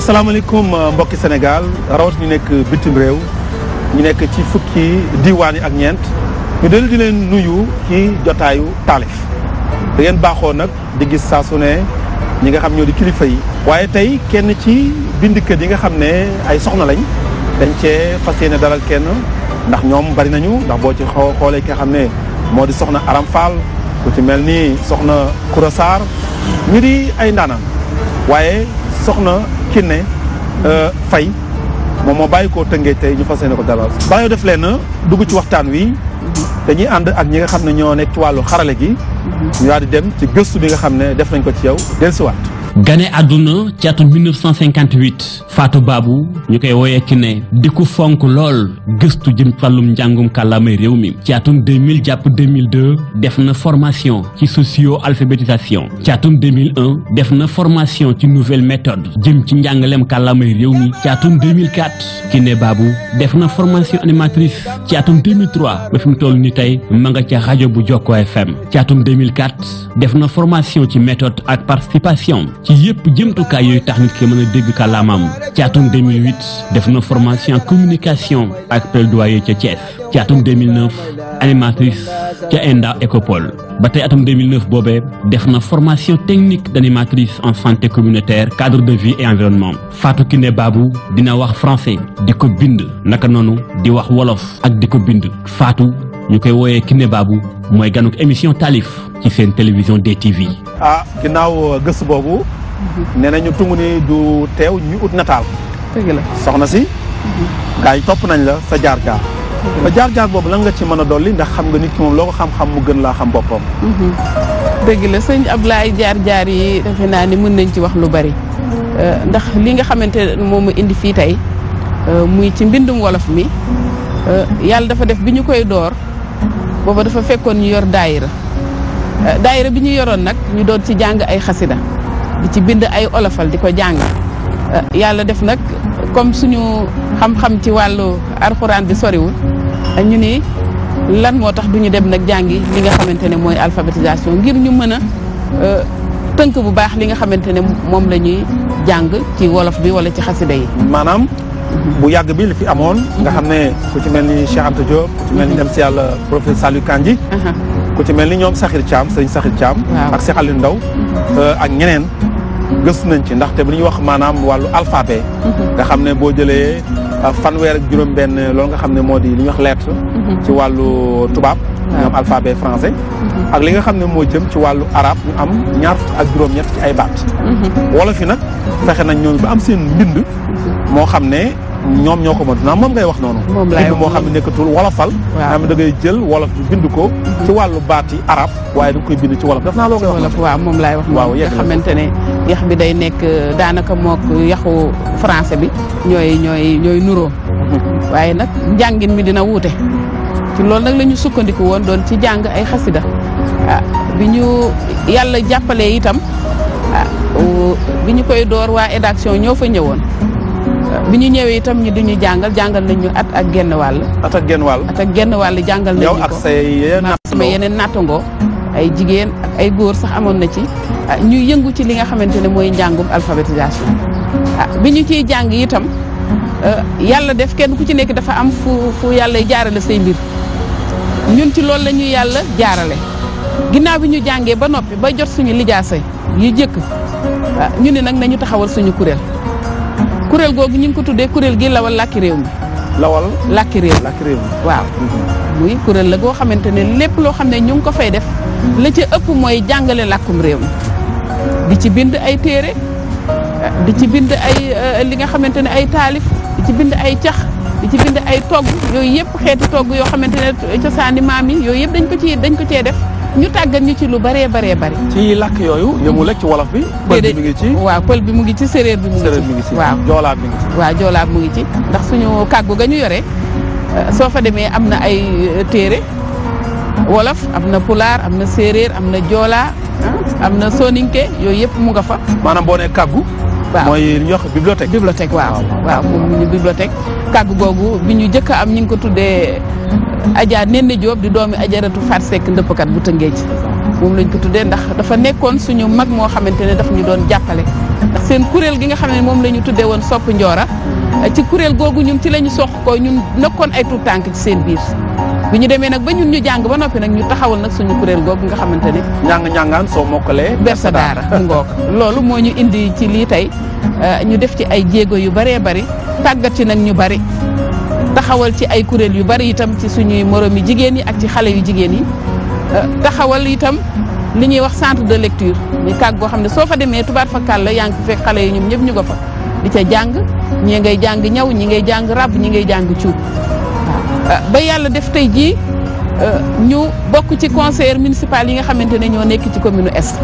asalaamaaleykum euh, mbokki Sénégal rawat ñu nekk bitim réew ñu nekk ci fukki diwaan yi ak ñeent ñu dellu di leen nuyu ci jotaayu taalif da ngeen baaxoo nag di gis saasu ne ñi nga xam ñoo di kilifa yi. waaye tey kenn ci bindkat yi nga xam ne ay soxna lañ dañ cee fas yéene dalal kenn ndax ñoom bari nañu ndax boo ci xoolee ki nga xam ne moo di soxna Aram Fall ku ci mel ni soxna Koura Sarr ñu di ay ndaanaan waaye soxna. Kiné euh, fay moom moo bàyyi koo tëngee tey ñu fas yéene ko dalal balaa ñu def leen dugg ci waxtaan wi dañuy ànd ak ñi nga xam ne ñoo nekk ci wàllu xarale gi mhm. ñu daal dem ci gëstu bi nga xam ne def nañ ko ci yow dellusiwaat GANÉ aduna ci 1958 Fatou Babou ñukay woyé ki né diku ku fonk lool gëstu jëm wàllum jangum ci atum 2000 japp 2002 def na formation ci socio alphabétisation ci atum 2001 def na formation ci nouvelle méthode jëm ci jangalem kàllaamay ci atum 2004 ki Babou def na formation animatrice ci 2003 ba fim mu toll ni tay ma nga ca bu joko FM ci atum 2004 def na formation ci méthode ak participation ci yëpp jëmtukaay yooyu tax nit ki mën a dégg kàllaamaam ci atum 2008 def na formation communication ak plaidoyer ci Thiès ci atum 2009 animatrice ci Enda Ecopole ba tey atum 2009 Bobé, def na formation technique d'animatrice en santé communautaire cadre de vie et environnement Fatou Kiné Babou dina wax français diko bind naka noonu di wax wolof ak diko bind Fatou ñu koy wooyee Kiné baabu mooy ganuk émission taalif ci seen télévision DTV. ah ginnaaw euh, gëstu boobu. nee nañu tungu ni du teew ñu ut nataal. dëgg la soxna si. gars topp nañ la sa jaar jaar. ba jaar jaar boobu lan nga ci mën a dolli ndax xam nga nit ki moom loo ko xam-xam mu gën laa xam boppam. Mhm. dëgg la sëñ laay jaar jaar yi defe naa ni mën nañ ci wax lu bari. Euh, ndax li nga xamante ne moom indi fii tey euh, muy ci mbindum wolof mi. yàlla dafa def bi ñu koy door. booba dafa fekkoon ñu yor daayira euh, daayira bi ñu yoroon nag ñu doon ci jàng ay xasida di ci bind ay olofal di ko jàng euh, yàlla def nag comme suñu xam-xam ci wàllu arxuraan bi soriwul ñu ni lan moo tax du ñu dem nag jàngi li nga xamante ne mooy alphabétisation ngir ñu mën a euh, tënk bu baax li nga xamante ne moom la ñuy jàng ci wolof bi wala ci xasida yi bu yàgg bi li fi amoon nga xam ne ku ci mel ni Cheikh Anta Diop ku ci mel ni dem si yàlla professeur Saliou Kandji uh-huh. ku ci mel ni ñoom Sakhir Thiam sëñ Sakhir Thiam ak Cheikh Aliou Ndaw uh, ak ñeneen gës nañ ci ndaxte bu ñuy wax maanaam wàllu alphabet uh-huh. nga xam ne boo jëlee uh, fanweer ak juróom benn loolu nga xam ne moo di li wax lettre uh-huh. ci wàllu tubaab ñu am alphabet français ak li nga xam ne moo jëm ci wàllu arab ñu am ñaar ak juróom-ñett ci ay baat mhm. wolof nag fexe nañ ñoom ba am seen mbind moo xam ne ñoom ñoo ko mën naa moom ngay wax noonu bind moo xam ne nekkatul wolofal am da ngay jël wolof bind ko ci wàllu yi arab waaye dañ koy bind ci wolof daf naa loo koy wax waaw moom laay wax waaw nga xamante ne yax bi day nekk daanaka mook yaxu français bi ñooy ñooy ñooy nuroo mhm. waaye nag njàngin mi dina wuute ci loolu nag la ñu sukkandiku woon doon ci jàng ay xasida ah, bi ñu yàlla jàppalee itam ah, bi ñu koy door waa édaction ñoo fa woon ah, bi ñu ñëwee itam ñu di ñu jàngal jàngal nañ at ak genn wàll. at ak genn wàll. genn wàll jàngal nañ ñu ko yeneen nattangoo ay jigéen ay góor sax amoon na ci ñu yëngu ci li nga xamante ne mooy njàngum alphabétisation ah bi ñu ciy jàng yitam yàlla def kenn ku ci nekk dafa am fu fu yàlla jaarale say mbir. ñun ci loolu la yàlla jaarale ginnaaw bi ñu jàngee ba noppi ba jot suñu lijaasa yu jëkk ah, ñu ne nag nañu taxawal suñu kuréel kuréel googu ñu ngi ko tuddee kuréel gi lawal làkki réew mi. lawal làkki waaw. muy kuréel la goo xamante ne lépp loo xam ne ñu ngi ko fay def. la ci ëpp mooy jàngale làkkum réew mi di ci bind ay téere ah, di ci bind ay eh, li nga xamante ne ay taalif di ci bind ay cax. di ci bind ay togg yooyu yëpp xeeti togg yoo xamante ne cosaani maam yi yooyu yëpp dañ ko ci dañ ko cee def ñu tàggat ñu ci lu bëree bëree bëri ci làkk yooyu yëmul rek ci wolof bi pël bi mu ngi ci waaw pël bi mu ngi ci séréer bi mu ngi ci waaw joolaab bi mu ngi ci mu ngi ci ndax suñu kàggu ga ñu yore euh, soo fa demee am na ay euh, téere wolof am na pulaar am na séeréer am na joolaa ah, am na soninke yooyu yëpp mu nga fa maanaam boo nee kàggu waaw mooy li ñuy wax bibliothèque bibliothèque waaw waaw ñu bibliothèque kàgg googu bi ñu jëkk am ñu ngi ko tuddee ajaar Nene Diop di doomi ajaratu Faat Seck ndëppkat bu Tëngéej moom lañ ko tuddee ndax dafa nekkoon suñu mag moo xamante ne daf ñu doon jàppale ndax seen kuréel gi nga xam ne moom la ñu tuddee woon sopp njoora ci kuréel googu ñun ci la ñu sox ñun nekkoon ay tuut tànk ci seen biir bu ñu demee nag ba ñun ñu jàng ba noppi nag ñu taxawal nag suñu kuréel googu nga xamante ne njàng njàngaan soo mokkalee berse daara mu loolu moo ñu indi ci lii tey Euh, ñu def ci ay jéego yu bëree bëri tàggat ci nag ñu bëri taxawal ci ay kuréel yu bëri itam ci suñuy moromi jigéen yi ak ci xale yu jigéen yi euh, taxawal itam li ñuy wax centre de lecture muy kàgg goo xam ne soo fa demee tubaat fa kàlla yaa ngi fekk xale yi ñoom ñëpp ñu ko fa di ca jàng ñii ngay jàng ñaw ñi ngay jàng ràbb ñi ngay jàng cuub euh, ba yàlla def tey ji ñu bokk ci conseil municipal yi nga xamante ne ñoo nekk ci commune est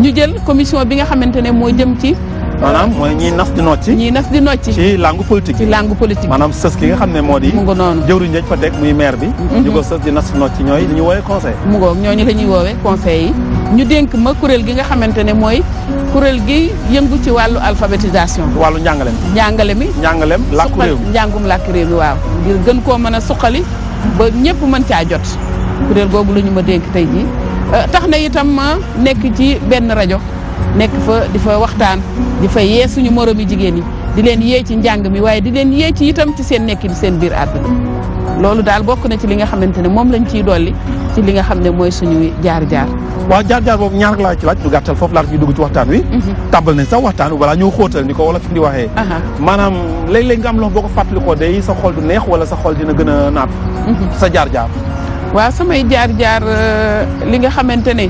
ñu jël commission bi nga xamante ne moo jëm ci maanaam mooy ñiy nas di nocci ñiy nas di nocci ci langue politique ci langue politique maanaam sës ki nga xam ne moo di mu nga noonu jëwriñ dañ fa teg muy maire bi mhm. ñu ko sës di nas di nocci ñooy li ñu woowee conseil mu ngoog ñooñu la ñuy woowee conseil ñu dénk ma kuréel gi nga xamante ne mooy kuréel gi yëngu ci wàllu alphabétisation wàllu njàngale mi njàngale mi njàngalem làkku réew mi njàngum làkku réew mi waaw ngir gën koo mën a suqali ba ñëpp mën caa jot kuréel googu la ñu ma dénk tey jii euh, tax na itam ma nekk ci benn rajo nekk fa di fa waxtaan di fa yee suñu moromi jigéen yi di leen yee ci njàng mi waaye di leen yee ci itam ci seen nekkin seen biir àdduna loolu daal bokk na ci li nga xamante ne moom lañ ciy dolli ci li nga xam ne mooy suñuy jaar-jaar waaw jaar-jaar laa ci laaj du gàttal foofu laata ñuy waxtaan wi mhm. tàmbal nañ sax waxtaan wala ñoo xóotal ni ko wala fi di waxee maanaam léeg-léeg nga am loo boo day sa xol du wala sa dina gën a naat mhm. sa jaar-jaar waaw samay jaar-jaar euh, li nga xamante ne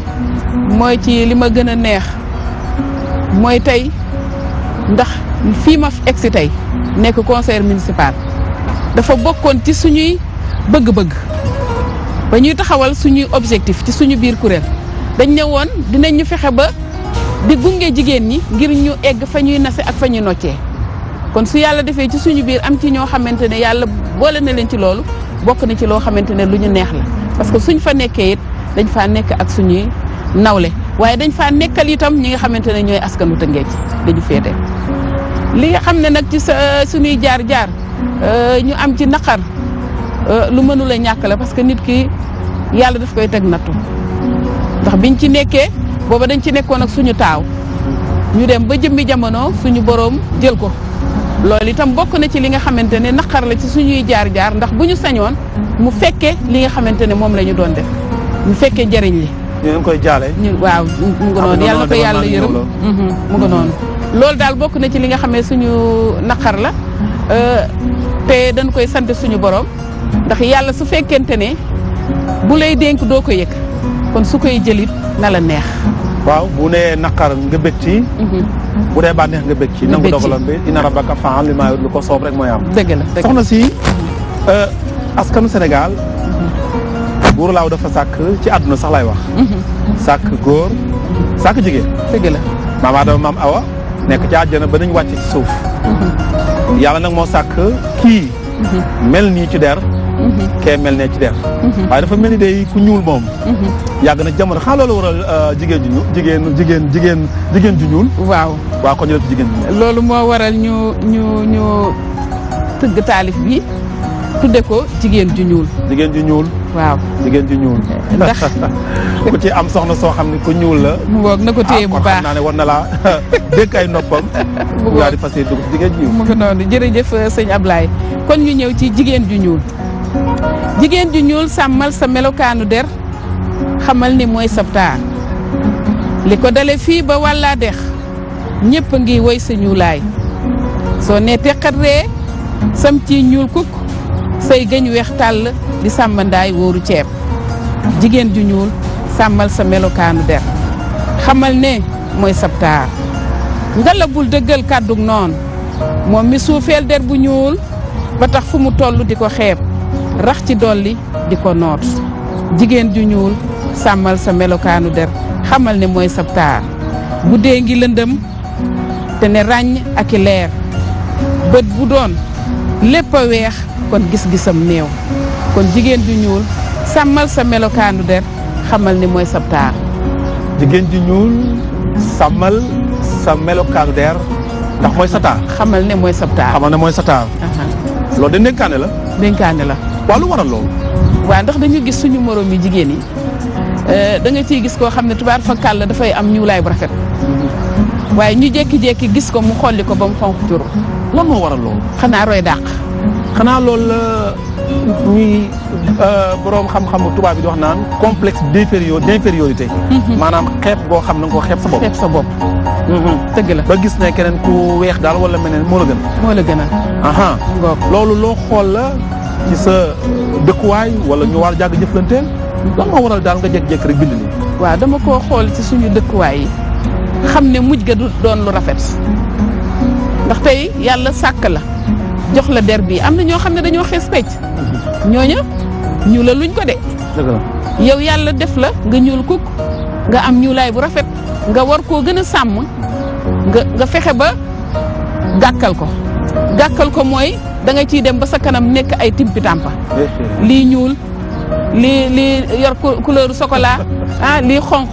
mooy ci li ma gën a neex mooy tey ndax fii ma egg si tey nekk conseil municipal dafa bokkoon ci suñuy bëgg-bëgg ba ñuy taxawal suñuy objectif ci suñu biir kuréel dañ ne woon dinañ ñu fexe ba di gunge jigéen ñi ngir ñu egg fa ñuy nase ak fa ñuy noccee kon su yàlla defee ci suñu biir am ci ñoo xamante ne yàlla boole na leen ci loolu bokk na ci loo xamante ne lu ñu neex la parce que suñ fa nekkee it dañ faa nekk ak suñuy nawle waaye dañ faa nekkal itam ñi nga xamante ne ñooy askanu Tëngéej dañu féete li nga xam ne nag ci sa euh, suñuy jaar-jaar euh, ñu am ci naqar euh, lu mënula ñàkk la parce que nit ki yàlla daf koy teg nattu ndax biñ ci nekkee booba dañ ci nekkoon ak suñu taaw ñu dem ba jëmmi jamono suñu boroom jël ko loolu itam bokk na ci li nga xamante ne naqar la ci suñuy jaar-jaar ndax bu ñu sañoon mu fekkee li nga xamante ne moom la ñu doon def mu fekkee njëriñ li ñu leen koy jaale. ñu waaw mu ngi noonu yàlla na yàlla yërëm mhm, mu ngi loolu daal bokk na ci li nga xamee suñu naqar la euh, te dañ koy sante suñu borom ndax yàlla su fekkente ne bu lay dénk doo ko yëg kon su koy jëlit na la neex. waaw bu nee naqar nga bëgg ci. Mhm. bu dee bànneex nga bëgg ci. nangu dogalam bi inna rabbaka fa'al li maa yurid lu ko soob rek mooy am. dëgg la soxna si euh, askanu Sénégal. buur laaw dafa sàkk ci àdduna sax lay wax. sàkk góor sàkk jigéen. dëgg la maam Adama maam Awa nekk ci àjjana ba nañ wàcc ci suuf. yàlla nag moo sàkk kii. mel ni ci der. kee mel ne ci der. waaye dafa mel ni day ku ñuul moom. yàgg na jamono xaa loolu waral euh, jigéen ju ñu jigéen jigéen jigéen jigéen ju ñuul. waaw waaw ko loolu moo waral ñu ñu ñu tëgg taalif ko jigéen ju ñuul. jigéen ju ñuul. waaw jigéen ju ñuul. ndax ku ci am soxna soo xam ne ku ñuul la. mu ngoog na ko ah, téye bu baax naa ne war na laa dëkk ay noppam. mu ngoog daal di fas dugg jigéen ju ñuul. Euh, sëñ Ablaye kon ñu ñëw ci jigéen ju ñuul. jigéen ju ñuul sàmmal sa melokaanu der xamal ni mooy sab taar li ko dale fii ba wàllaa dex ñépp a ngi woy sa ñuulaay soo nee teqat ree sam ci ñuul kukk say gëñ weex tàll di sàmm wóoru ceeb jigéen ju ñuul sàmmal sa melokaanu der xamal ne mooy sab taar ngala bul dëggal kàddug noonu moom mi suufeel der bu ñuul ba tax fu mu toll di ko xeeb rax ci dolli di ko noot jigéen ju ñuul sàmmal sa melokaanu der xamal ne mooy sab taar bu dee ngi lëndëm te ne ràññ ak i leer bët bu doon lépp a weex kon gis-gisam néew kon jigéen ju ñuul sàmmal sa melokaanu der xamal ne mooy sab jigéen ju ñuul sàmmal sa melokaanu der ndax mooy sa taar xamal ne mooy sab taar xamal mooy sa loolu de dénkaane la dénkaane la waaw lu waral loolu waaw ndax dañu gis suñu moroom yi jigéen yi eh, da nga gis koo xam ne tubaar fa kàll dafay am ñuulaay bu rafet waaye ñu jékki-jékki gis ko mu xolli ko ba mu xonq jur lan moo waral loolu xanaa roy dàq xanaa loolu ñuy euh, boroom xam-xamu tubaab bi di wax naan complexe d'inférior d'infériorité mhm. maanaam xeeb boo xam na nga ko xeeb sa bopp xeeb sa bopp mhm. la ba gis ne keneen ku weex daal wala meneen moo la moo la gën a aha loolu loo xool la ci sa dëkkuwaay wala ñu war a jàgg jëflanteel lan moo waral daal nga jékki-jékki rek bind li waa dama koo xool ci suñu dëkkuwaay yi xam ne muj ga doon lu rafet ndax tey yàlla sàkk la jox la der bi am na ñoo xam ne dañoo xees pecc ñooña ñuulal luñ ko de. yow yàlla def la nga ñuul kukk nga am ñuulaay bu rafet nga war koo gën a sàmm nga nga fexe ba gàkkal ko gàkkal ko mooy danga ciy dem ba sa kanam nekk ay timpitàmpa lii ñuul lii lii yor couleur chocolat ah lii xonq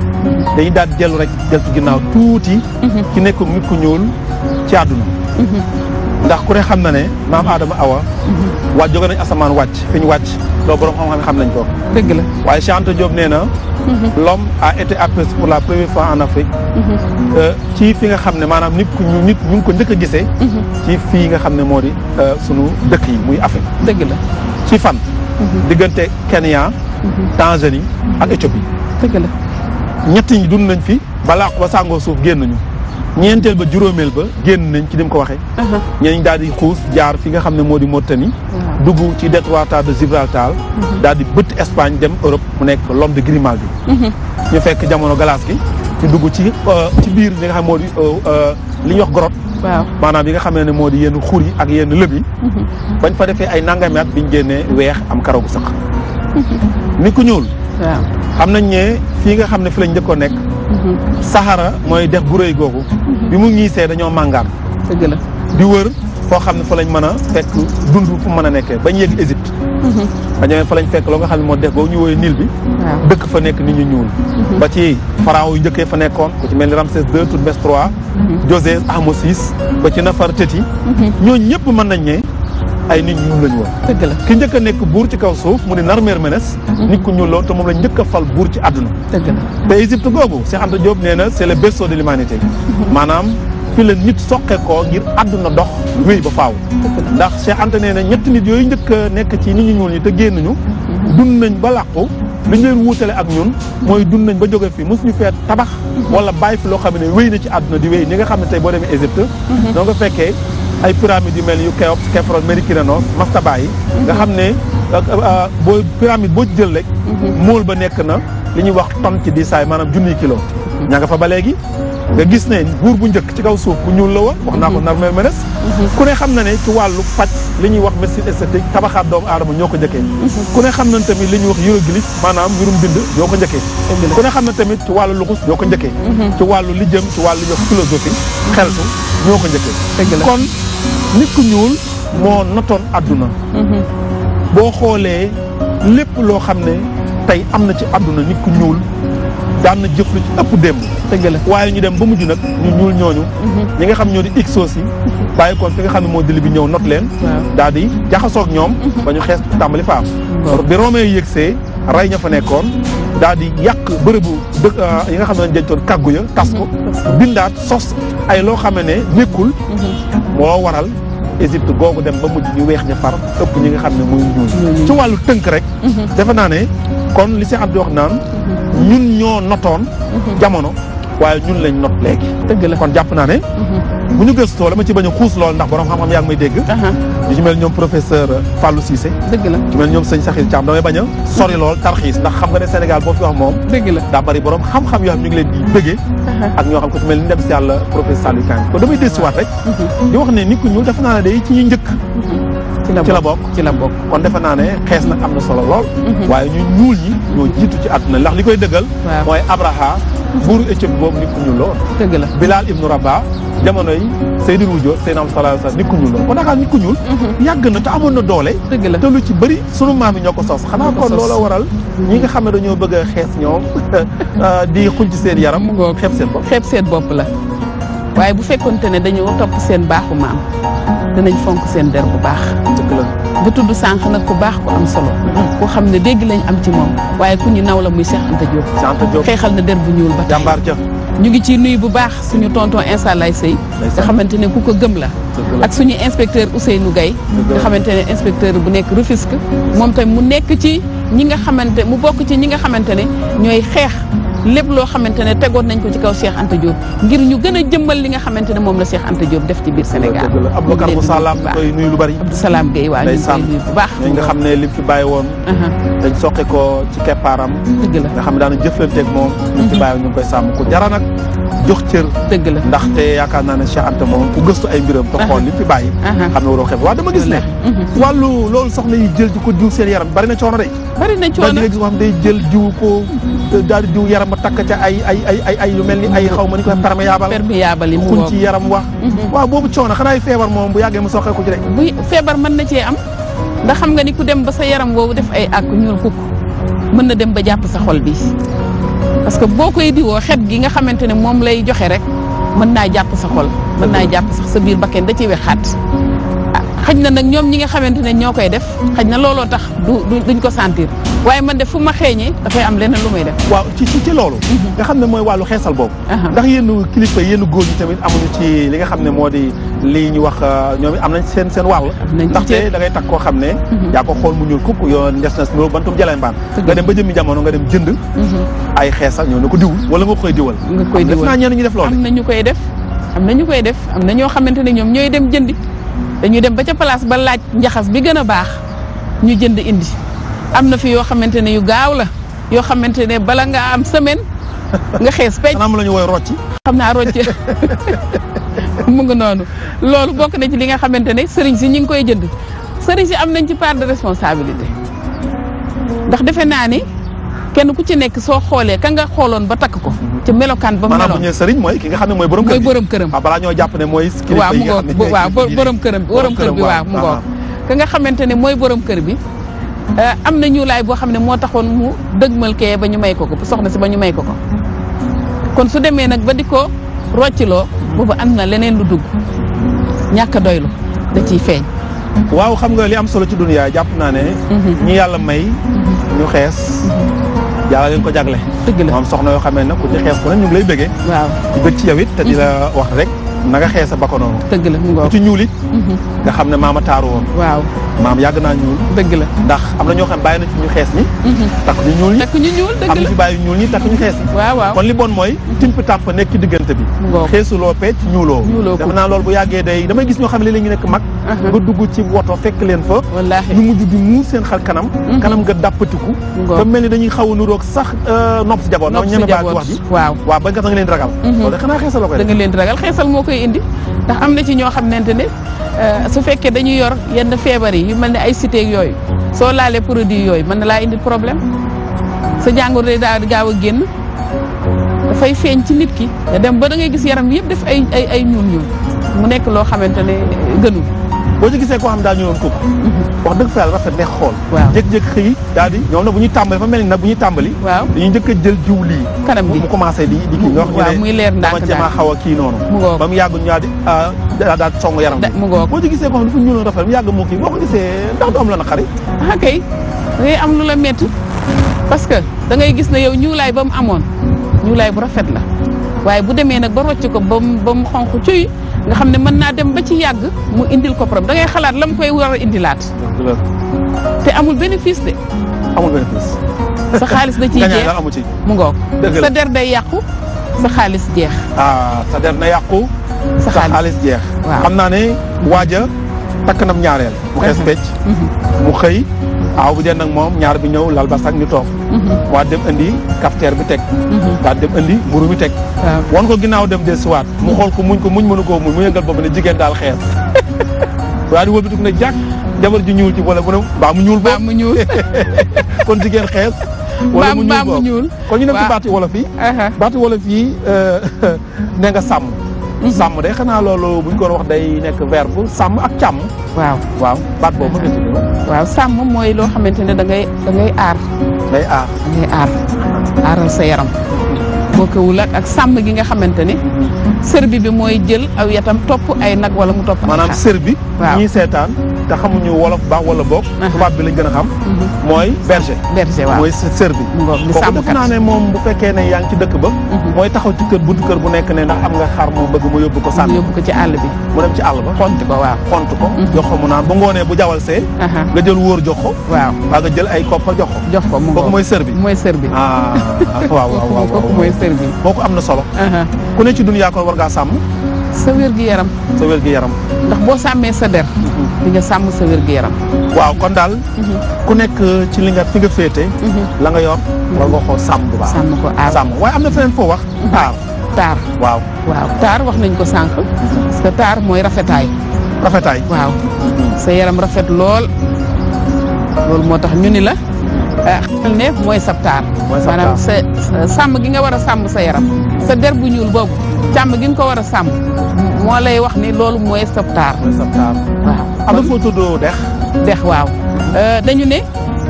dañuy daal di dellu rek deltu ginnaaw tuuti. Mhm. ci nekkum nit ku ñuul ci àdduna. Mhm. ndax ku ne xam na ne maam Adama Awa. waa jóge nañ asamaan wàcc fi ñu wàcc loolu borom xam nañ ko. dégg la waaye Cheikh Anta Diop nee na. Mhm. l'homme a été aperçu pour la première fois en Afrique. Euh, ci fi nga xam ne maanaam nit ku nit ñu ngi ko njëkk a gisee. ci fii nga xam ne moo di euh, sunu dëkk yi muy Afrique. dégg la ci fan. diggante Kenya. Tanzanie ak Éthiopie. dëgg la. ñett ñi dund nañ fi balaa ba sàngoo suuf génn ñu ñeenteel ba juróomeel ba génn nañ ci dem ko waxee. Uh-huh. ñeneen daal di xuus jaar fi nga xam ne moo di Mauritanie. Uh-huh. dugg ci détroit de Gibraltar. Uh-huh. daal di bëtt Espagne dem Europe mu nekk l'homme de bi ñu fekk jamono glace gi ñu dugg ci euh, ci biir li nga xam moo di euh, euh, li ñuy wax grotte. maanaam yi nga xam ne moo di yenn xur yi ak yenn lëb bañ fa defee ay nangameet biñ génnee weex am karaw gu sax. ni ku ñuul. waaw xam nañ ne fii nga xam ne fi lañ njëkkoon nekk. Mhm. saxara mooy dex gu rëy googu. Mhm. bi mu ñiisee dañoo màngaat dëgg la di wër foo xam ne fa lañ mën a fekk dund fu mën a nekkee bañ yegg Égypte. dañoo mhm. fa lañ fekk loo nga xam ne moo dex googu ñu woowee Nil bi. dëkk fa nekk nit ñu ñuul. ba ci pharaon yu njëkkee fa nekkoon ku ci mel ni Ramsès II Thutmès III. José Ahmosis ba ci Nefertiti. ñooñu ñëpp mën nañ ne. ay nit ñuul la ñu woon dëgg la ki njëkk nekk buur ci kaw suuf mu di Narmer Menes mhm. nit ku ñuul loon te moom la njëkk a fal buur ci àdduna dëgg te Égypte googu Cheikh Anta Diop nee na c'est le berceau de l'humanité mhm. maanaam fi la nit soqe koo ngir àdduna dox wéy ba faaw ndax Cheikh Anta nee na ñetti nit yooyu njëkk nekk ci ni ñu ñuul ñi te génn ñu mhm. dund nañ ba làqu li ñu leen wuutale ak ñun mooy dund nañ ba jóge fii mos ñu fee tabax wala bàyyi fi loo xam ne wéy na ci àdduna di wéy ni nga xam ne tey boo demee Égypte ay pyramides yu mel yu Khéops Képhren Mérikuranos mastaba yi nga xam ne boo pyramide boo jël rek móol ba nekk na li ñuy wax tonne ci saay maanaam junniy kilo ñaa nga fa ba léegi nga gis ne buur bu njëkk ci kaw suuf bu ñuul la woon wax naa ko mhm. Narmemenes mhm. ku ne xam na ne ci wàllu faj li ñuy wax médecine esthétique tabaxaat doomu aadama ñoo ko njëkkee mhm. ku ne xam na tamit li ñuy wax hiéroglyphe maanaam mbirum bind ñoo ko njëkkee ku ne xam na tamit ci wàllu luxus ñoo ko njëkkee ci wàllu li jëm ci wàllu yox philosophie xeltu ñoo ko njëkkee nit ku ñuul moo notoon àdduna mhm. boo xoolee lépp loo xam ne tey am na ci àdduna nit ku ñuul daan na jëf lu ci ëpp démb dëgg waaye ñu dem ba mujj nag ñu ñuul ñooñu mhm. ñi nga xam ñoo di Hyksos yi bàyyi koon fi nga xam ne moo dili bi ñëw not leen daal di jaxasoog ñoom mhm. ba ñu xees tàmbali faam bi Romain yëgsee rey ña fa nekkoon daal di yàq bërëbu dëkk euh, yi nga xam ne dañ dencoon kàggu ya tas ko bindaat sos ay loo xam ne nekkul mhm. moo waral Égypte googu dem ba mujj ñu weex ña par ëpp ñi nga xam ne muy ñuul ci wàllu tënk rek mhm. defe naa ne kon li si am di wax naan mhm. ñun ñoo notoon jamono waaye ñun lañ not léegi dëgg la kon jàpp naa ne bu ñu gëstoo dama ci bañ a xuus lool ndax borom xam-xam yaa ngi may dégg ñu ci mel ñoom professeur Fallou Cissé dëgg la ci mel ñoom sëñ Saxir Thiam damay bañ a sori lool tarxiis ndax xam nga ne Sénégal boo fi wax moom dëgg la daa bari borom xam-xam yoo xam ñu ngi leen di bëggee ak ñoo xam ko ci mel ni dem si yàlla professeur Saliou Kane ko damay desuwaat rek mhm. di wax ne nit ñuul defe naa ne day ci ñu njëkk mhm. ci la bokk ci la bokk kon defe naa ne xees nag am na solo lool mhm. waaye ñu ñuul ñi ñoo jiitu ci ndax li koy dëggal mooy Abraha buuru Éthiopie boobu nit ku ñuul la woon dëgg la Bilal jamono yi Seydou Roudio Seydou Amsalaam sax nit ku ñuul la kon Dakar ñuul. Mhm. yàgg na te amoon na doole. dëgg la te lu ci bëri sunu maam yi ñoo ko sos. xanaa ko loola waral ñi nga xam dañoo bëgg a xees ñoom ah, di xuñ seen yaram. xeeb seen bopp xeeb seen bopp la. waaye bu fekkonte ne dañoo topp seen baaxu maam danañ fonk seen der bu baax. dëgg tudd sànq nag ku baax ku am solo. Mhm. ku xam ne dégg lañ am ci waaye ku ñu naw la muy Cheikh Anta Diop. Cheikh Anta Diop xeexal na der bu ñuul ba tey jàmbaar ñu ngi ci nuyu bu baax suñu tonton Insa Lay Sey nga xamante ne ku ko gëm la ak suñu inspecteur Ousseynou gay nga xamante ne inspecteur bu nekk Rufisque moom tamit mu nekk ci ñi nga xamante mu bokk ci ñi nga xamante ne ñooy xeex lepp lo xamantene ne nañ ko ci kaw Cheikh Anta Diop ngir ñu gëna jëmmal li nga xamantene mom la Cheikh Anta Diop def ci biir senegal Aboubacar Moussa Lam koy nuyu lu bari Abdou Salam gey wa ñu koy nuyu bu baax nga xamne ne lim fi baye won uh-huh. dañ soxé ko ci képaram nga xamne daana jëflanteeg ak mom uh-huh. ñu ci baye ñu koy sam ko jara nak jox cër deug la ndax té yaakaar na na Cheikh Anta mom ku gëstu ay mbirëm te xool uh-huh. lim fi baye xamne waro xef wa dama gis ne walu loolu soxna yi jël ci ko diw seen yaram bari na coono day bari na da nga gis coono day jël diw ko daal di diw yaram ba takk ca ay ay ay ay ay yu mel ni ay xaw ma ni ko perméable perméable yi mu kuñ ci yaram wax mhm. waaw boobu coono xanaa feebar moom bu yàggee mu soxee ko ci rek bu feebar mën na cee am ndax xam nga ni ku dem ba sa yaram woowu def ay ak ñuul kukk mën na dem ba jàpp sa xol bi parce que boo koy diwoo xet gi nga xamante ne moom lay joxe rek mën naa jàpp sa xol mën naa jàpp sax sa biir bakken da ciy wexaat xëj na nag ñoom ñi nga xamante ne ñoo koy def xëj na looloo tax du duñ ko sentir waaye man de fu ma xeeñee dafay am leneen lu may def waaw ci ci ci loolu mhm. nga xam ne mooy wàllu xeesal boobu ndax yenn kilifa yenn góor ñi tamit amuñu ci li nga xam ne moo di lii ñu wax euh, ñoom it am nañ seen seen wàll ndaxte da ngay takk koo xam ne mhm. yaa ko xool mu ñuul kukk yoo ndes nas no bantum jaleen baan nga dem ba jëmmi jamono nga dem jënd mhm. ay xeesal ñoo ne ko diwul wala nga koy diwal def naa ñenn ñu def loolu am na ñu koy def am na ñu koy def am na ñoo xamante ne ñoom ñooy dem jëndi dañuy dem ba ca place ba laaj njaxas bi gën a baax ñu jënd indi am na fi yoo xamante ne yu gaaw la yoo xamante ne bala nga am semaine nga xees pej am la ñu woy rocci xam naa rocci mu ngi noonu loolu bokk na ci li nga xamante ne sëriñ si ngi koy jënd sëriñ si am nañ ci part de responsabilité ndax defe naa ni kenn ku ci nekk soo xoolee ka nga xooloon ba takk ko ci melokaan ba mu meloon ñu sëriñ mooy ki nga xam ne borom kër mooy borom këram ah, balaa ñoo jàpp ne mooy waaw mu ngoog waaw borom këram borom kër bi waaw mu ngoog ka nga xamante ne borom kër bi eh, am na ñu laay boo xam ne moo taxoon mu dëgmal kee ba ñu may ko ko soxna si ba ñu may ko ko kon su demee nag ba di ko rocciloo boobu am na leneen lu dugg ñàkk doylu da ciy feeñ waaw xam nga li am solo ci duniyaa jàpp naa ne mhm. ñi yàlla may ñu xees mhm. yaa leen ko jagle. dëgg la moom soxna yoo xamee na ku ci xees ko ne ñu lay bëggee. waaw di bëgg ci yow it te di la wax rek. na nga xees a ba ko noonu dëgg la mu ci ñuul it mhm. naa ñuul dëgg la ndax am na ñoo xam bàyyi na ci ñu xees ñi mhm. takk ñu ñuul ñi takk ñu ñuul dëgg la am na ci bàyyi ñuul ñi takk ñu xees ñi waaw waaw kon li bon mooy timp tàpp nekk ci diggante bi xeesuloo pecc ñuuloo def naa loolu bu yàggee day damay gis ñoo xam ne léegi ñu nekk mag nga dugg ci woto fekk leen fa ñu mujj di muur seen xar kanam mhm. kanam nga dàppatiku ba mel ni dañuy xaw a nuroog sax euh, nopp si jaboot ñeme baa ci wax bi waaw waaw ba nga da nga leen di ragal xanaa xeesaloo koy da nga leen ragal xeesal moo koy koy indi ndax am na ci ñoo xamante ne euh, su fekkee dañuy yor yenn feebar yi yu mel ne ay cité yooyu soo laalee produit yooyu mën na laa indi problème sa jàngoor day daal di gaaw a génn dafay feeñ ci nit ki nga dem ba da gis yaram yëpp def ay ay ay ñuul ñuul mu nekk loo xamante ne gënul boo ci gisee koo xam daa ñëwoon kooku mm-hmm. wax dëgg fa yàlla rafet neex xool jékki-jékki xëy daal di ñoom nag bu ñuy tàmbali dafa mel ni nag bu ñuy tàmbali waaw dañuy njëkk a jël jiw lii kanam bi mu commencé di di kii nga wax ñu ne dama cema xaw a kii noonu ba mu yàgg ñaa di ah, gisee ko xam dafa ñuuloon rafet mu yàgg moo kii boo ko gisee ndax du am la na xari ah kay ngay am lu la métti parce que da ngay gis ne yow ñuulaay ba mu amoon ñuulaay bu rafet la waaye bu demee nag ba rocc ko ba mu ba mu xonq cuy nga xam ne mën naa dem ba ci yàgg mu indil ko problème dangay xalaat lam koy war a indilaat. te amul bénéfice de. amul bénéfice. sa xaalis da ci jeex amu ci mu ngoog sa der day yàqu sa xaalis jeex. Ah, sa der na yàqu. sa xaalis jeex. waaw xam naa ne waaja takk nam ñaareel. mu xees pecc. mu xëy. aaw bu dee nag moom ñaar bi ñëw lal ba sax ñu toog mhm. waa dem indi cafetière bi teg mhm. waa dem indi mburu bi teg won ko ginnaaw dem de siwaat mu xool ko muñ ko muñ mënu koo mu yëngal boobu ne jigéen daal xees waa di wëlbatiku ne jàkk jabar ji ñuul ci wala mu ne mu ñuul boobu mu ñuul kon jigéen xees mu ñuul boobu kon ñu dem ci baati wolof yi uh-huh. baati wolof yi euh, ne nga sàmm mhm. sàmm de xanaa loolu buñ ko wax day nekk verbe sàmm ak càmm waaw baat boobu mën nga ci waaw sàmm mooy loo xamante ne da ngay aar. aar aaral sa yaram. bokkewul ak sàmm gi nga xamante ne. sër bi mooy jël aw yatam topp ay nag wala mu topp. maanaam sër bi. seetaan. te xamuñu wolof baax wala boog. tubaab bi lañ gën a xam. Mhm. mooy berger. berger waaw mooy sër bi. di sàmmkat kooku def moom bu fekkee ne yaa ngi ci dëkk ba. Mhm. mooy taxaw ci kër buntu kër bu nekk ne ndax am nga xar mu bëgg mu yóbbu ko sànni. mu yóbbu ko ci àll bi. mu dem ci àll ba xont ko waaw xont ko. Mhm. jox ko mu naan bu ngoonee bu jawal see. nga jël wóor jox ko. waaw waa nga jël ay koppar jox ko. jox ko mu ngoon kooku mooy sër bi mooy sër bi. Ah, waaw waaw am na solo. ku ne ci dun ko war ngaa sàmm. sa wér gi yaram. sa wér gi yaram. ndax boo sàmmee sa der di nga sàmm sa wér-gu-yaram. waaw kon daal. Mhm. ku nekk ci li nga fi nga féete. Mhm. la nga yor war nga koo sàmm bu sàmm ko aar ah. sàmm waaye am na feneen foo wax. Mhm. taar taar. waaw waaw taar wax nañ ko sànq. parce que taar mooy rafetaay. rafetaay waaw. sa yaram rafet lool. loolu moo tax ñu ni la. Eh, xel mooy sab taar. maanaam sa sàmm gi nga war a sàmm sa yaram. sa der bu ñuul boobu. càmm gi nga ko war a sàmm. moo lay wax ni loolu mooy sab mooy sab taar waaw. xam nga foo tuddoo dex. dex waaw euh, dañu ne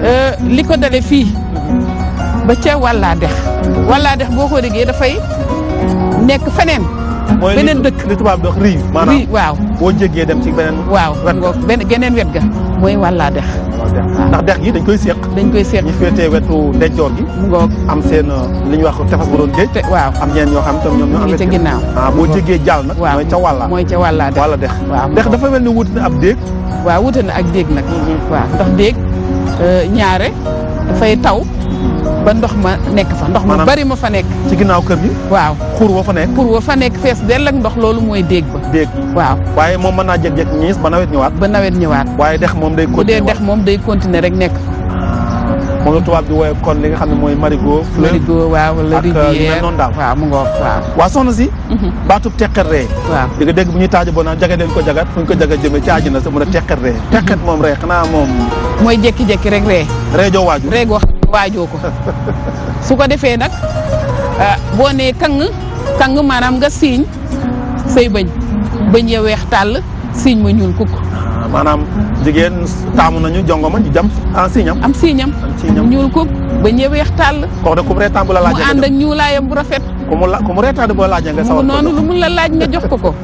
euh, li ko dale fii ba ca wàllaa dex wàllaa dex boo ko déggee dafay nekk feneen. beneen dëkk ni li tubaab di wax riz. maanaam boo jéggee dem ci beneen. waaw geneen wet ga. mooy wàllaa dex ndax dex gi dañ koy séq dañ koy séq ñu wetu ndeyjoor gi mu ngoog am seen euh, li ñuy wax tefas bu doon géej waaw am ñeen ñoo xam tam ñoom ñoo ngi ca ginnaaw ah boo jégee jaal nag mooy ca wàllaa mooy ca wàllaa dex wàlla dex waaw dex dafa mel ni wut na ab déeg waaw wuute na ak déeg nag mm-hmm. ndax déeg euh, ñaare dafay taw ba ndox ma nekk fa ndox ma bari ma fa nekk ci ginnaaw kër gi waaw xur wa fa nekk xur wa fa nekk fees dell ak ndox loolu mooy déeg ba déeg waaw moom mën naa jeg-jeg ñiis ba nawet ñëwaat ba nawet ñëwaat waaye dex moom day continuer bu dee moom day continuer rek nekk fa moom la tubaab di woowee kon li nga xam ne mooy marigot fleuve marigot waaw wala rivière noonu daal waaw mu ngoog waaw waaw soxna si mhm. baatub teqet ree waaw di nga dégg bu ñuy taajo boo naan jagat leen ko jagat fu ñu ko jagat jëmee caaji na sa mun a teqet ree mhm. teqet moom ree xanaa moom mooy jékki-jékki rek ree ree joo waaju waajoo ko su ko defee nag ah, boo nee kang kang maanaam ga siiñ say bëñ bëñ ya weex tàll siiñ ma ñuul kukk ah, maanaam jigéen taamu nañu jongo ma jam am siiñam am siiñam ñuul kukk bëñ ya weex tàll kooku de ku mu reetaan bu la laajee mu ànd ak ñuulaayam bu rafet ku mu la mu reetaan bu la laajee nga sawar noonu lu mu la laaj nga jox ko ko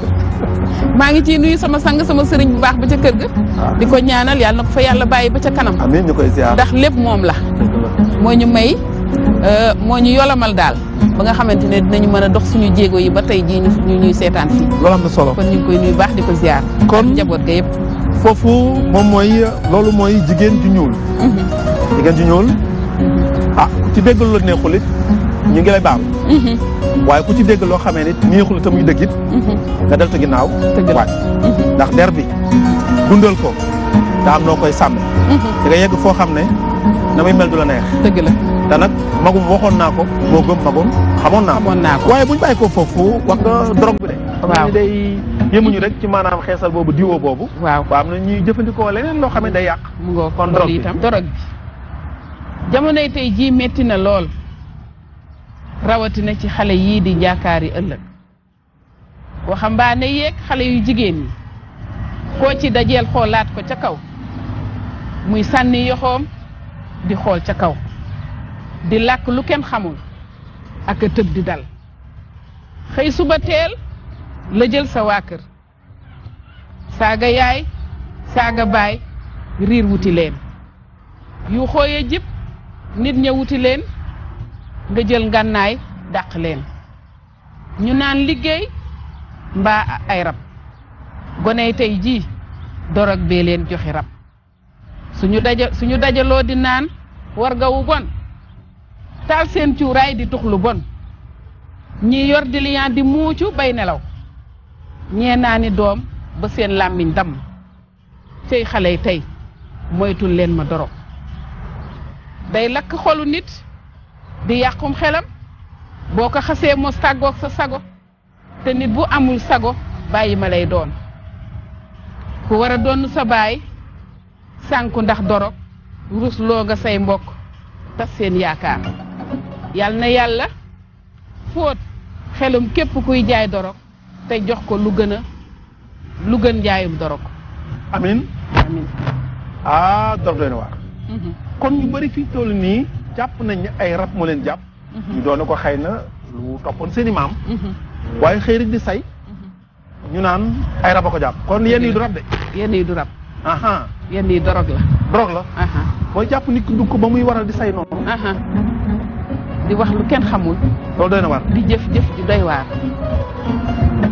maa ngi ci nuyu sama sang sama sëriñ bu baax ba ca kër ga ah. di ko ñaanal yàlla na fa yàlla bàyyi ba ca kanam amiin ñu koy ndax lépp moom la moo ñu may euh, moo ñu yolomal daal ba nga xamante ne dinañu mën a dox suñu jéego yi ba tey jii ñu ñuy seetaan fii. loolu am na solo kon ñu ngi koy nuyu baax di ko ziar. kon njaboot ga yëpp. foofu moom mooy loolu mooy jigéen ju ñuul. Mhm. jigéen ju ñuul ah ku ci dégg lu neexul it ñu ngi lay baal. Mhm. waaye ku ci dégg loo xamee nit neexul te muy mhm. dëgg it. nga del te ginnaaw. waay ndax der bi dundal ko daa am noo koy sàmm. da nga yegg foo xam ne. damay mel du la neex. dëgg la te nag magum waxoon naa ko moo gëm magum xamoon naa ko. waaye bu ñu bàyyi ko foofu wax nga drogue bi de. yëmuñu rek ci maanaam xeesal boobu diwoo boobu. waaw waaw am na ñuy jëfandikoo leneen loo xam ne day yàq. mu ngoo kon drogue bi drogue bi. jamonoy tey jii metti na lool rawatina ci xale yii di yaakaar yi ëllëg waxambaane yeeg xale yu jigéen ñi ko ci dajeel xoolaat ko ca kaw muy sànni yoxoom di xool ca kaw di làkk lu kenn xamul ak a tëb di dal xëy suba teel la jël sa waa kër yaay saaga baay riir wuti leen yu xooye jib nit ña wuti leen nga jël ngànnaay dàq leen ñu naan liggéey mbaa ay rab goney tey jii dorog bee leen joxi rab suñu daja suñu dajaloo di naan warga wu bon taal seen cuuraay di tux lu bon ñii yor di liant di muucu bay nelaw ñee naani doom ba seen làmmiñ damm cey xale yi tey moytul leen ma doro day lakk xolu nit di yàqum xelam boo ko xasee mos tàggoog sa sago te nit bu amul sago bàyyi ma lay doon ko wara a doon sa baay sànku ndax dorog rus loo nga say mbokk tas seen yaakaar yal na yàlla fóot xelum képp kuy jaay dorog te jox ko lu gën a lu gën jaayum dorog amin amin ah dorog doy na mhm. kon ñu bari fii toll nii jàpp nañ ne ay rab moo leen jàpp mhm. ñu doon ko xëy na lu toppoon seen i maam mhm. waaye xëy rek di say ñu naan ay rab a ko jàpp kon yenn yi du rab de yenn yi du rab aha yenn iya, yi dorog la dorog la aha mooy jàpp nit dugg ko ba muy waral di say noonu aha di wax lu kenn xamul loolu doy na waar di jëf jëf di doy waar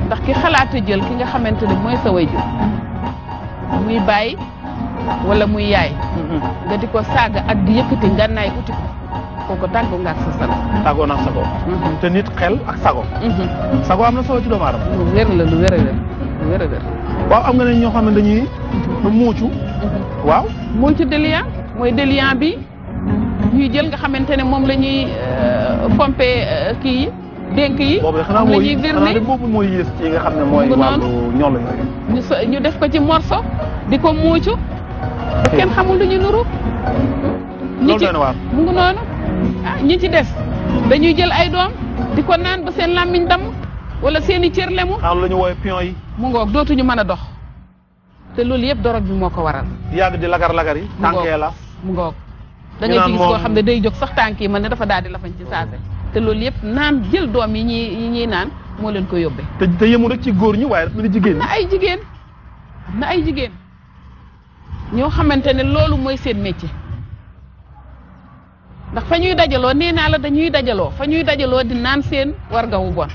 ndax ki xalaata jël ki nga xamante ne mooy sa muy bàyyi wala muy yaay nga di ko saaga ak di yëkkati ngànnaay uti ko kooku tàggoo nga sa sago tàggoo naa sago te nit xel ak sago sago am na solo ci doomu aadama lu wér la lu wér a wér lu wér a wér waaw am nga ne ñoo xam ne dañuy muucu waaw muucu déliant mooy déliant bi ñuy jël nga xamante ne moom la ñuy euh, pompe euh, kii yi dénk yi boobu xanaa mooy xanaa boobu mooy yées ci nga xam ne mooy wàllu ñoll yooyu ñu def ko ci morso di ko muucu ba kenn xamul lu ñu nuru ñi ci mu ngi noonu ah ñi ci des dañuy jël ay doom di ko naan ba seen làmmiñ damm wala seeni i cër lemu. la ñu woowee pion yi. mu ngoog dootuñu mën a dox. te loolu yëpp dorog yi moo ko waral. yàgg di lagar lagar yi. tànkee la mu ngoog da ngay gis xam ne day jóg sax tànk yi man ne dafa daal di lafañ ci saase. te loolu yëpp naan jël doom yi ñuy yi naan moo leen ko yóbbee. te te yemu rek ci góor ñi waaye dafa jigéen na ay jigéen na ay jigéen ñoo xamante ne loolu mooy seen métier. ndax fa ñuy dajaloo nee naa la dañuy dajaloo fa ñuy dajaloo di naan seen warga wu bon.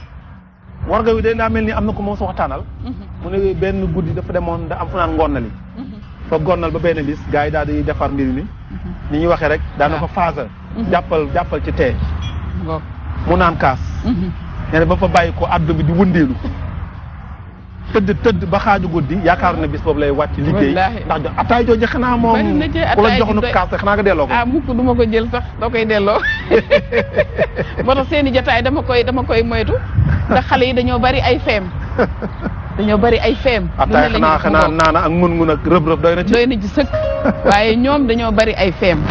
ga wi day daa mel ni am na ko moom sa waxtaanal mhm. mu ne benn guddi dafa demoon da am fu naan ngonnal yi mhm. fa gonnal ba benn bis gaa yi daal di defar mbir mi mhm. ni ñuy waxee rek daa daana ah. ko faasa jàppal jàppal ci tee mu naan kaas nee ba fa bàyyi ko addu bi di wëndeelu tëdd tëdd ba xaaju guddi yaakaar na bis boobu lay wàcc liggéey ndax jo ataay jooju xanaa moom ku la joxoon kaas xanaa nga delloo ko ah mukk du ma ko jël sax doo koy delloo moo tax seen i dama koy dama koy moytu ndax xale yi dañoo bari ay feem dañoo bari ay feem ataay xanaa xanaa naana ak ngun ak rëb-rëb doy na ci doy na sëkk waaye ñoom dañoo bari ay feem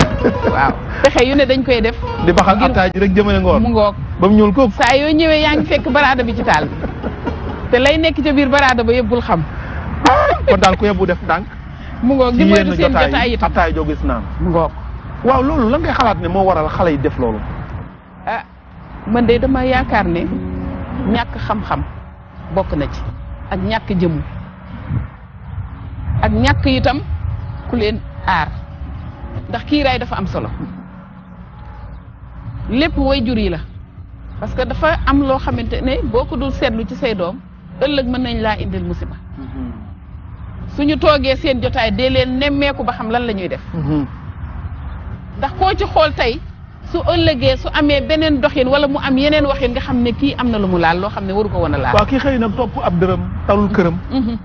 waaw pexe yu ne dañ koy def di baxal ataay ji rek jëmale ngoor mu ngoog ba mu ñuul ko saa yooyu ñëwee yaa ngi fekk baraada bi ci taal bi te lay nekk ca biir baraada ba yëpp bul xam. kon daal ku yebbu def ndànk. mu ngoog di moytu seen jotaay itam ataay joo gis naan mu ngoog waaw loolu lan ngay xalaat ne moo waral xale yi def loolu. ah man de dama yaakaar ne ñàkk xam-xam bokk na ci ak ñàkk jëmu ak ñàkk itam ku leen aar ndax kiiraay dafa am solo lépp woy jur yi la parce que dafa am loo xamante ne boo ko dul seetlu ci say doom. ëllëg mën nañ laa indil musiba mm-hmm. ñu toogee seen jotaay de leen nemmeeku ba xam lan la ñuy def mm-hmm. ndax koo ci xool tey su ëllëgee su amee beneen doxin wala mu am yeneen waxin nga xam ne kii am na lu mu laal loo xam ne waru ko woon a laal waaw kii xëy na topp ab dërëm talul këram mm-hmm.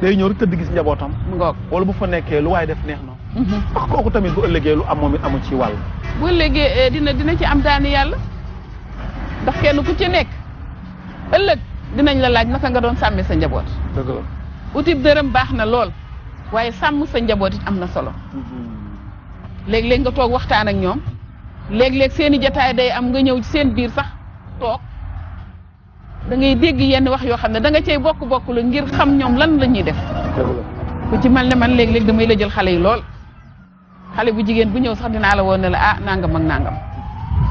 day ñëw rek tëdd gis njabootam ngoog wala bu fa nekkee lu waaye def neex na ndax kooku tamit bu ëllëgee lu am moom it amu ci wal bu ëllëgee eh, dina dina ci am daani yàlla ndax kenn ku ci nekk ëllëg dinañ la laaj naka nga doon sàmmee sa njaboot. dëgg la utib dërëm baax na lool waaye sàmm sa njaboot it am na solo. Mm-hmm. léeg-léeg nga toog waxtaan ak ñoom léeg-léeg seen i jataay day am nga ñëw seen biir sax toog da ngay dégg yenn wax yoo xam ne da nga cay bokk bokk lu ngir xam ñoom lan la ñuy def. ku ci mel ne man léeg-léeg damay la jël xale yi lool xale bu jigéen bu ñëw sax dinaa la woon ne la ah nangam ak nangam.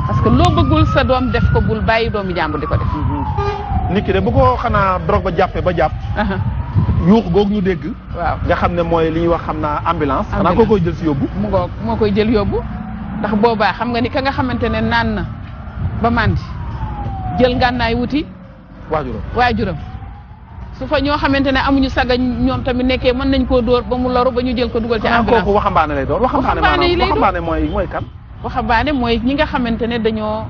parce que loo bëggul sa doom def ko bul bàyyi doomu jàmbur di ko def. Mhm. nit ki de bu ko xanaa drogue ba jàppe ba jàpp. yuux googu ñu dégg. waaw nga xam ne mooy li ñuy wax xam naa ambulance. xanaa koo koy jël si yóbbu. mu ngoog moo koy jël yóbbu ndax boobaa xam nga ni ka nga xamante ne naan na ba mandi jël ngànnaay wuti. waajuram waajuram. su fa ñoo xamante ne amuñu saga ñoom tamit nekkee mën nañ koo dóor ba mu loru ba ñu jël ko dugal. ci ambulance xanaa kooku waxambaane lay doon. waxambaane yi waxambaane mooy mooy kan. waxambaane mooy ñi nga xamante ne dañoo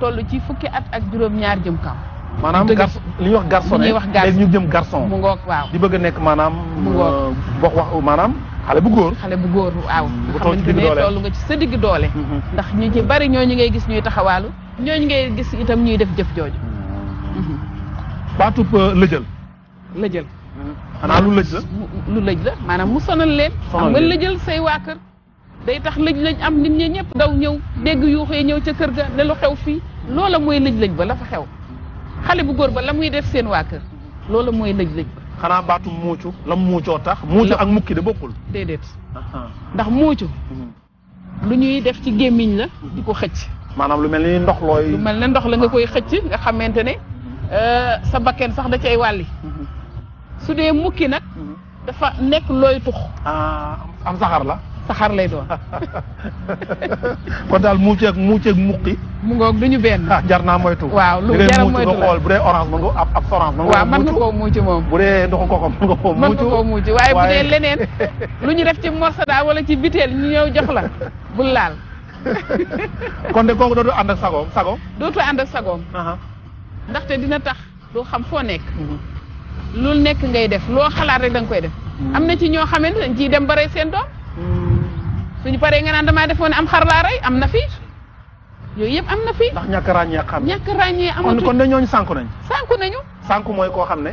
toll ci fukki at ak juróom-ñaar jëm kaw. maanaam garçon li ñuy wax garçon li ñuy wax garçon ñu jëm garçon. mu ngoog waaw di bëgg a nekk maanaam. mu ngoog euh, wax wax maanaam xale bu góor. xale bu góor waaw. bu toll nga xamante ne toll nga ci sa digg doole. Mm-hmm. ndax ñu ci bari ñoo ñooñu ngay gis ñuy taxawaalu ñu ngay gis itam ñuy def jëf jooju. Mm-hmm. Mm-hmm. baatub euh, lëjël. lëjël. xanaa lu lëj la. lu lëj la maanaam mu sonal leen. sonal leen xam nga lëjël say waa kër day tax lëj lëj am nit ñi ñëpp daw ñëw dégg yuuxee ñëw ca kër ga ne lu xew fii loola mooy lëj lëj ba la fa xew xale bu góor ba la muy def seen waa kër loola mooy lëj lëj ba xanaa baatu muucu la muucoo tax muucu ak mukki da bokkul déedéet ndax muucu mhm. lu ñuy def ci gémmiñ la di ko xëcc maanaam lu mel ni ndox looy lu mel ne ndox la nga koy xëcc nga xamante ne euh, sa bakken sax da cay wàlli mhm. su dee mukki nag mhm. dafa nekk looy tux ah, am saxaar la saxaar lay doon. kon daal muuceeg muuceeg muqi. mu ngoog du ñu benn. ah jar naa moytu. waaw lu jar a moytu la bu dee orange mën nga ab ab orange. mën nga waaw koo muuci moom. bu dee ndoxu mën nga koo muuci. mën nga koo muuci waaye bu dee leneen lu ñu def ci daal wala ci biteel ñu ñëw jox la bul laal. kon de kooku dootu ànd ak sagoom dootu ànd ak sagoom. ndaxte dina tax doo xam foo nekk. loolu mhm. nekk ngay def loo xalaat rek da koy def. Mhm. am na ci ñoo xamante ne ciy dem bare seen doom suñu paré nga naan dama defone am xar la ray am na fi yoy yeb am na fi. ndax ñak ràññee ak xam ñàkk ràññee amatu kon dañooñu sanku nañ sanku nañu sanku moy ko xam ne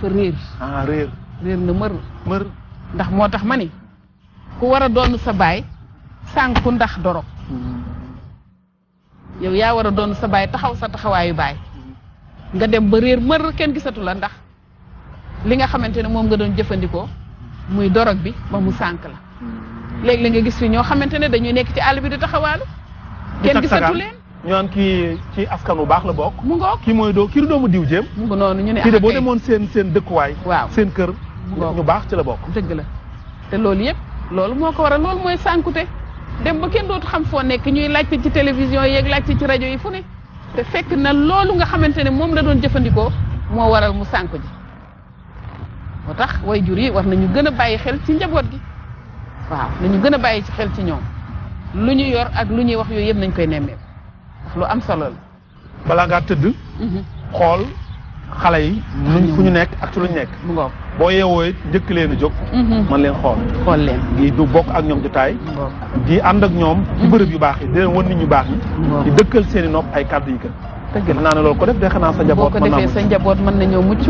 dafa ah réer réer na mer mer ndax motax mani ku wara doon sa bay sanku ndax doro hmm. yow ya wara doon sa bay taxaw sa taxawayu bay hmm. nga dem ba réer mer ken gisatu la ndax li nga xamantene mom nga doon jëfëndiko muy dorog bi ba mu sank la hmm. léegi léeg nga gis fi ñoo xamante ne dañuy nekk ci àll bi di taxawaalu kenn gisatu leen ñu naan kii ci askan bu baax la bokk mu ngoog kii mooy doo kii du doomu diw jéem mu noonu ñu ne kii de ah, boo demoon seen seen dëkkuwaay waaw seen kër ñu baax ci la bokk dëgg la te loolu yëpp loolu moo ko waral loolu mooy sànkute dem ba kenn dootu xam foo nekk ñuy laajte ci télévision yeeg laajte ci rajo yi fu ne te fekk na loolu nga xamante ne moom la doon jëfandikoo moo waral mu sànku ji moo tax way jur yi war nañu gën a bàyyi xel ci njaboot gi waaw nañu gën a bàyyi ci xel ci ñoom lu ñu yor ak lu ñuy wax yooyu yëpp nañ koy nemmeeku ndax lu am solo la. balaa ngaa tëdd. Mhm. xool xale yi. luñ fu ñu nekk ak lu luñ nekk. mu boo yeewoo njëkk leen a jóg. Mhm. man leen xool. xool leen di du bokk ak ñoom jotaay. di ànd ak ñoom. ci mhm. bërëb yu baax yi di leen wan nit ñu baax yi. di dëkkal seen i nopp ay kàddu yi gën. dëgg naa ne loolu ko def de xanaa sa njaboot mën naa boo ko defee sa njaboot mën nañoo mucc.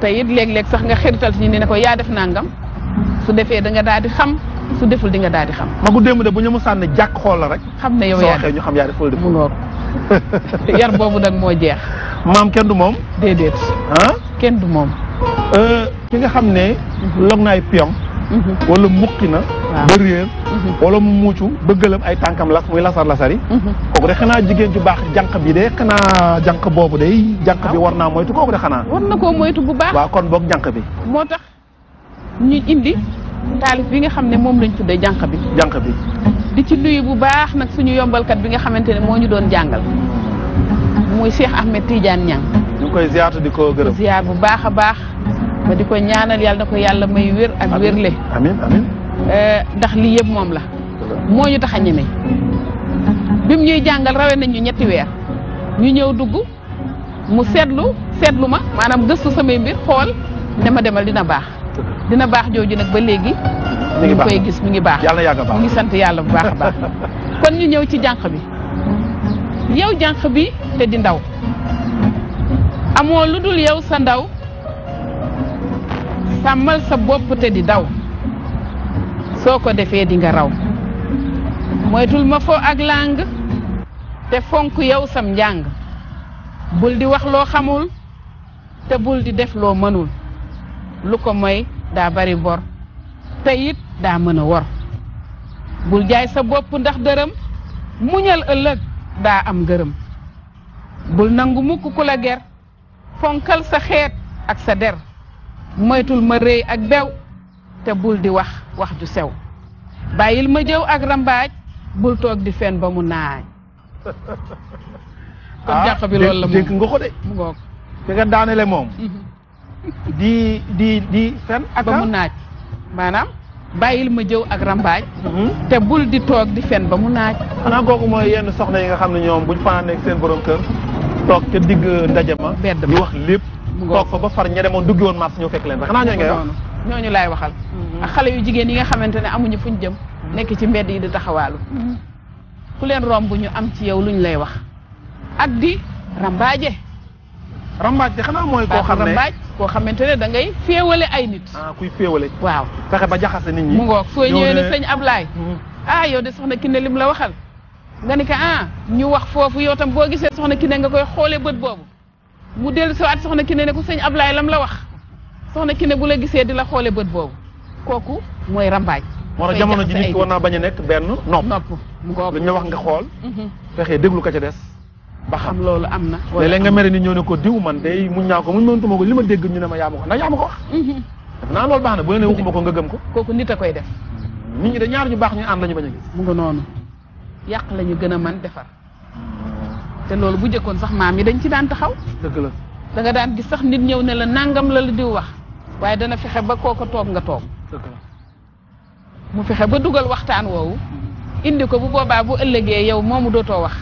te it léeg-léeg sax nga xirital ci ñu ne ko yaa def nangam su defee da nga daal di xam su deful di nga daal di xam. magu démb de bu ñu musaan ne jàkk xool la rek. xam ne yow yaa soo waxee ñu xam yaa deful deful. yar boobu nag moo jeex. maam kenn du moom. déedéet. kenn du moom. Euh, ki nga xam ne. Mhm. log naay pion. Mhm. wala mukki na. ba réer. Mhm. wala mu muucu ba gëlëm ay tànkam las muy lasar lasari. kooku de xanaa jigéen ju baax jànq bi de xanaa janq boobu de jànq bi ah. war naa moytu kooku de xanaa. war na koo moytu bu baax. waaw kon boog jànq bi ñu indi taalif bi nga xam ne moom lañ tuddee jànq bi. jànq bi. di ci nuyu bu baax nag suñu yombalkat bi nga xamante ne moo ñu doon jàngal muy Cheikh Ahmed Tidiane Niang. ñu koy ziar di ko gërëm. bu baax a baax. ba di ko ñaanal yàlla na ko yàlla may wér ak wérle. amiin eh, ndax li yëpp moom la. moo ñu tax a ñeme. bim ñuy jàngal rawe nañ ñu ñetti weer. ñu ñëw dugg mu seetlu seetlu ma maanaam gëstu samay mbir xool ne ma demal dina baax. dina baax jooju nag ba léegi mi ngi koy gis mi ngi baax yàlla yàgg baax ngi sant yàlla bu baax a baax kon ñu ñëw ci jànq bi yow jànq bi te di ndaw amoo lu dul yow sa ndaw sàmmal sa bopp te di daw soo ko defee dinga raw moytul ma fo ak làng te fonk yow sam njàng bul di wax loo xamul te bul di def loo mënul lu ko moy daa bari bor te it daa mën a wor bul jaay sa boppu ndax dërëm mu muñal ëllëg daa am gërëm bul nangu mukk ku la ger fonkal sa xeet ak sa der moytul ma réy ak bew te bul di wax wax ju sew bàyyil ma jëw ak rambaaj bul toog di fen ba mu naaj kon jàq bi ah, loolu la moom dégg de mu ngoog moom mhm. di di di fen ak ba mu naaj maanaam bàyyil ma jëw ak rambaaj mhm. te bul di toog di fen ba mu naaj xanaa kooku mooy yenn soxna yi nga xam ne ñoom buñ fanaanee ak seen borom kër toog ca digg ndaje ma di wax lépp toog fa ba far ña demoon duggi woon mars ñëw fekk leen fa xanaa ñooñu ngay wax ñu laay waxal mhm. xale yu jigéen yi nga xamante ne amuñu fuñ jëm mhm. nekk ci mbedd yi di taxawaalu ku leen romb ñu am ci yow ñu lay wax ak di rambaaje rambaaj de xanaa mooy koo xam ne koo xamante ne da ngay féewale ay nit. ah kuy féewale. waaw fexe ba jaxase nit ñi. mu ngoog soo ñëwee ne sëñ Ablaye. Mm-hmm. ah yow de soxna Kiné lim la waxal. nga ni ko ah ñu wax foofu yow tam boo gisee soxna Kiné nga koy xoolee bët boobu. mu dellu si waat soxna Kiné ne ko sëñ Ablaye lam la wax. soxna Kiné bu la gisee di la xoolee bët boobu. kooku mooy rambaaj. moo tax jamono ji nit ki war naa bañ a nekk benn nopp. nopp mu ngoog lu wax nga xool. Mm-hmm. fexe déglu ka ca des. ba xam loolu am na. wala léeg-léeg nga mere ni ñëw ne ko diw man day muñ naa ko muñ mëntuma ko li ma dégg ñu ne ma yaa ma ko ndax yaa ko wax. Mhm. def naa loolu baax na bu ne waxuma ko nga gëm ko. kooku nit a koy def. nit ñi de ñaar ñu baax ñu ànd la ñu bañ a mu nga noonu yàq gën a man defar te loolu bu njëkkoon sax maam yi dañ ci daan taxaw. dëgg la da daan gis sax nit ñëw ne la nangam la la diw wax waaye dana fexe ba kooko toog nga toog. dëgg fexe ba dugal waxtaan woowu. Mhm. indi ko bu boobaa bu ëllëgee yow mu dootoo wax.